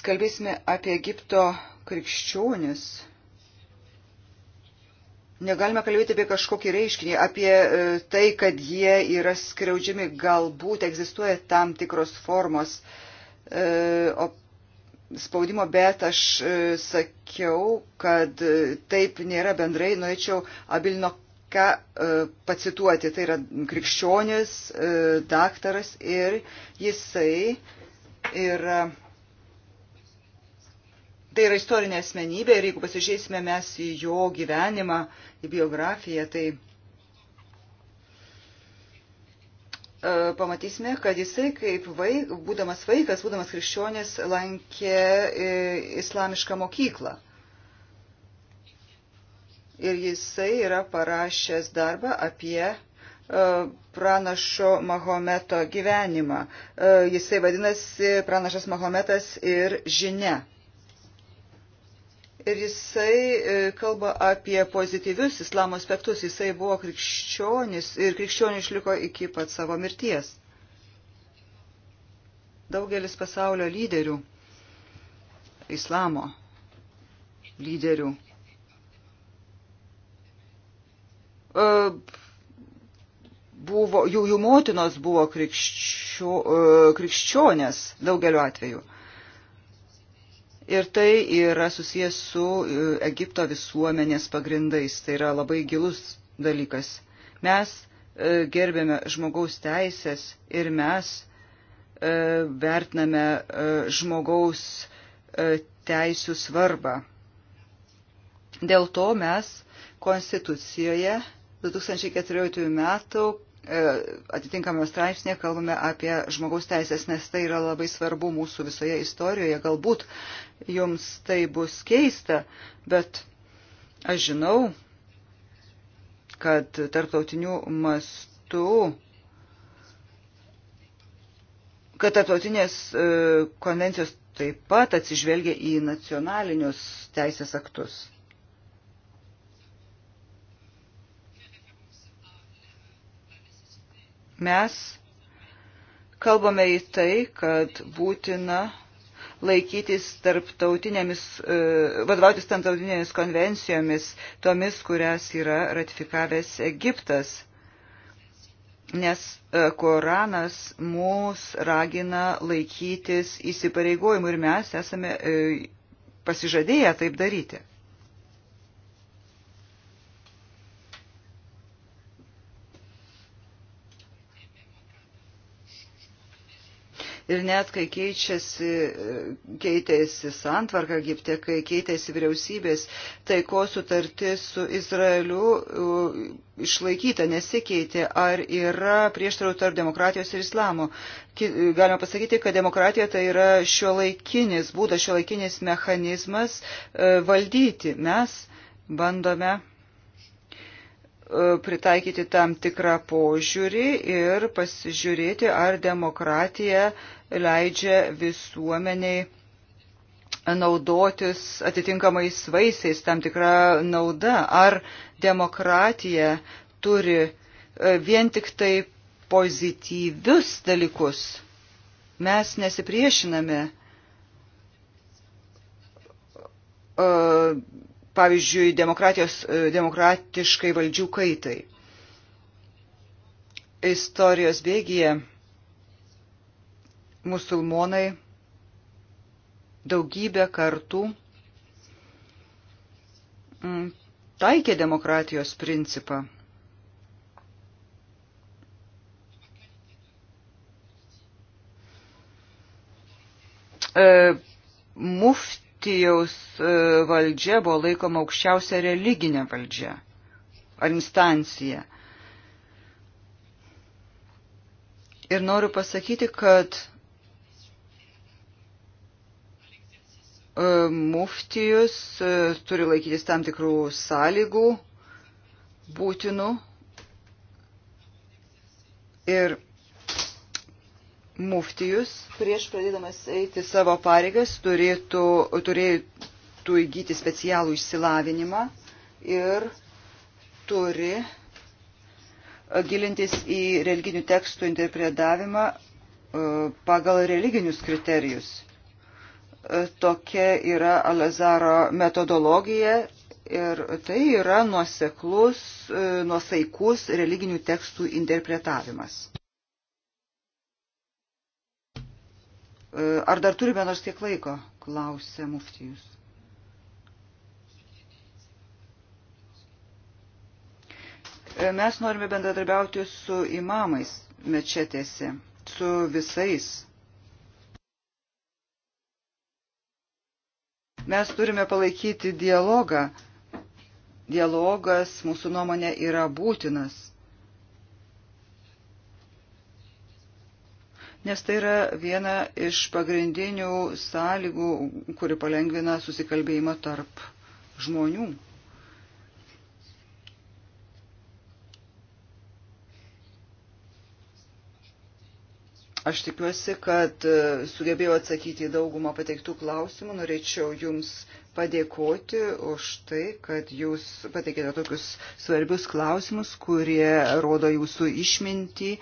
kalbėsime apie Egipto krikščionis, negalime kalbėti apie kažkokį reiškinį, apie e, tai, kad jie yra skriaudžiami, galbūt egzistuoja tam tikros formos e, o spaudimo, bet aš e, sakiau, kad taip nėra bendrai, norėčiau Abilno ką pacituoti, tai yra krikščionis, daktaras ir jisai yra tai yra istorinė asmenybė ir jeigu pasižiūrėsime mes į jo gyvenimą, į biografiją, tai e, pamatysime, kad jisai kaip vaik, būdamas vaikas, būdamas krikščionis, lankė e, islamišką mokyklą. Ir jisai yra parašęs darbą apie e, pranašo Mahometo gyvenimą. Jisai vadinasi pranašas Mahometas ir žinia ir jisai e, kalba apie pozityvius islamo aspektus. Jisai buvo krikščionis ir krikščionis išliko iki pat savo mirties. Daugelis pasaulio lyderių, islamo lyderių, e, buvo, jų, jų motinos buvo krikščio, e, krikščionės daugeliu atveju. Ir tai yra susijęs su e, Egipto visuomenės pagrindais. Tai yra labai gilus dalykas. Mes e, gerbėme žmogaus teisės ir mes e, vertiname žmogaus teisų svarbą. Dėl to mes Konstitucijoje 2014 metų E, atitinkame straipsnėje kalbame apie žmogaus teisės, nes tai yra labai svarbu mūsų visoje istorijoje. Galbūt jums tai bus keista, bet aš žinau, kad tarptautinių mastų kad tarptautinės e, konvencijos taip pat atsižvelgia į nacionalinius teisės aktus. Mes kalbame į tai, kad būtina laikytis tarptautinėmis, e, vadovautis tarptautinėmis konvencijomis, tomis, kurias yra ratifikavęs Egiptas. Nes e, Koranas mus ragina laikytis įsipareigojimų ir mes esame e, pasižadėję taip daryti. Ir net kai keičiasi, keitėsi santvarka Egipte, kai keitėsi vyriausybės, taiko sutartis su Izraeliu išlaikyta, nesikeitė, ar yra prieštarų tarp demokratijos ir islamo. Galima pasakyti, kad demokratija tai yra šio laikinis būdas, šio laikinis mechanizmas e, valdyti. Mes bandome E, pritaikyti tam tikrą požiūrį ir pasižiūrėti, ar demokratija leidžia visuomeniai naudotis atitinkamais vaisiais, tam tikra nauda, ar demokratija turi e, vien tik tai pozityvius dalykus. Mes nesipriešiname uh, pavyzdžiui, e, demokratiškai valdžių kaitai. Istorijos bėgyje musulmonai daugybę kartų mm, taikė demokratijos principą. E, mufti Vokietijos e, valdžia buvo laikoma aukščiausia religinė valdžia ar instancija. Ir noriu pasakyti, kad e, muftijus e, turi laikytis tam tikrų sąlygų būtinų ir muftijus prieš pradėdamas eiti savo pareigas turėtų, turėtų įgyti specialų išsilavinimą ir turi e, gilintis į religinių tekstų interpretavimą e, pagal religinius kriterijus. E, tokia yra Alazaro metodologija ir tai yra nuoseklus, nuosaikus religinių tekstų interpretavimas. E, ar dar turime nors tiek laiko? Klausė muftijus. E, mes norime bendradarbiauti su imamais mečetėse, su visais. Mes turime palaikyti dialogą. Dialogas mūsų nuomonė yra būtinas nes tai yra viena iš pagrindinių sąlygų, kuri palengvina susikalbėjimą tarp žmonių. Aš tikiuosi, kad e, sugebėjau atsakyti į daugumą pateiktų klausimų. Norėčiau Jums padėkoti už tai, kad Jūs pateikėte tokius svarbius klausimus, kurie rodo Jūsų išmintį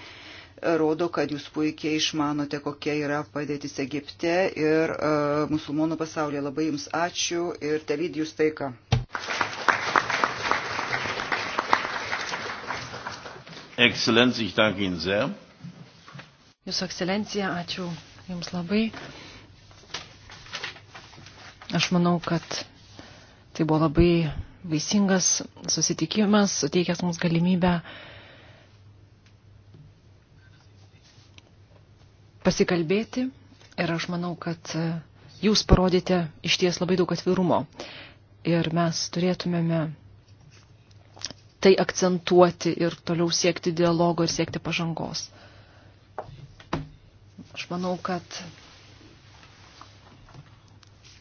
rodo, kad jūs puikiai išmanote, kokia yra padėtis Egipte ir uh, musulmonų pasaulyje. Labai jums ačiū ir te lydį jūs taika. Ekscelencija, ich danke Ihnen sehr. Jūsų ekscelencija, ačiū Jums labai. Aš manau, kad tai buvo labai vaisingas susitikimas, suteikęs mums galimybę uh, pasikalbėti ir aš manau, kad e, jūs parodėte iš ties labai daug atvirumo ir mes turėtumėme tai akcentuoti ir toliau siekti dialogo ir siekti pažangos. Aš manau, kad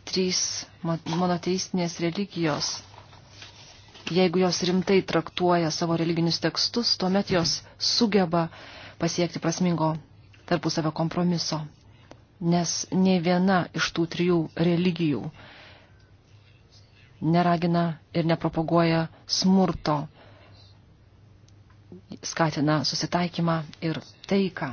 trys monoteistinės religijos, jeigu jos rimtai traktuoja savo religinius tekstus, tuomet jos sugeba pasiekti prasmingo tarpusavio kompromiso, nes ne viena iš tų trijų religijų neragina ir nepropaguoja smurto, skatina susitaikymą ir taiką.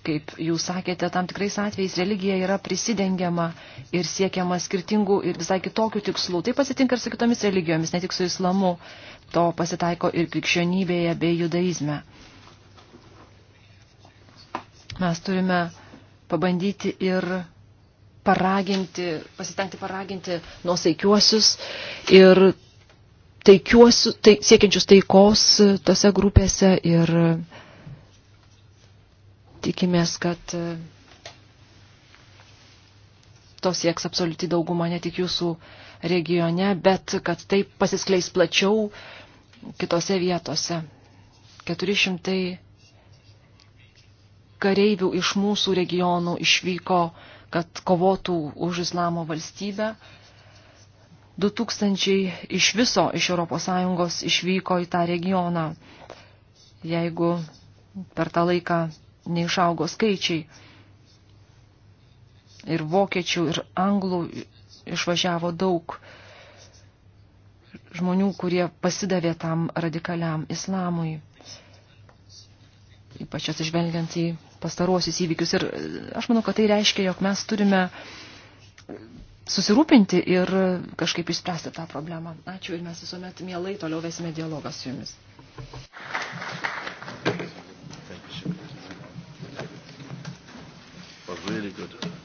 Kaip jūs sakėte, tam tikrais atvejais religija yra prisidengiama ir siekiama skirtingų ir visai kitokių tikslų. Tai pasitinka ir su kitomis religijomis, ne tik su islamu. To pasitaiko ir krikščionybėje bei judaizme mes turime pabandyti ir paraginti, pasitengti paraginti nuosaikiuosius ir taikiuosius, tai, siekiančius taikos tose grupėse ir tikimės, kad to sieks absoliuti dauguma ne tik jūsų regione, bet kad tai pasiskleis plačiau kitose vietose. 400 kareivių iš mūsų regionų išvyko, kad kovotų už islamo valstybę. 2000 iš viso iš ES išvyko į tą regioną, jeigu per tą laiką neišaugo skaičiai. Ir vokiečių, ir anglų išvažiavo daug žmonių, kurie pasidavė tam radikaliam islamui, ypač atsižvelgiant į pastaruosius įvykius. Ir e, aš manau, kad tai reiškia, jog mes turime susirūpinti ir kažkaip išspręsti tą problemą. Ačiū ir mes visuomet mielai toliau vesime dialogą su jumis. Really good.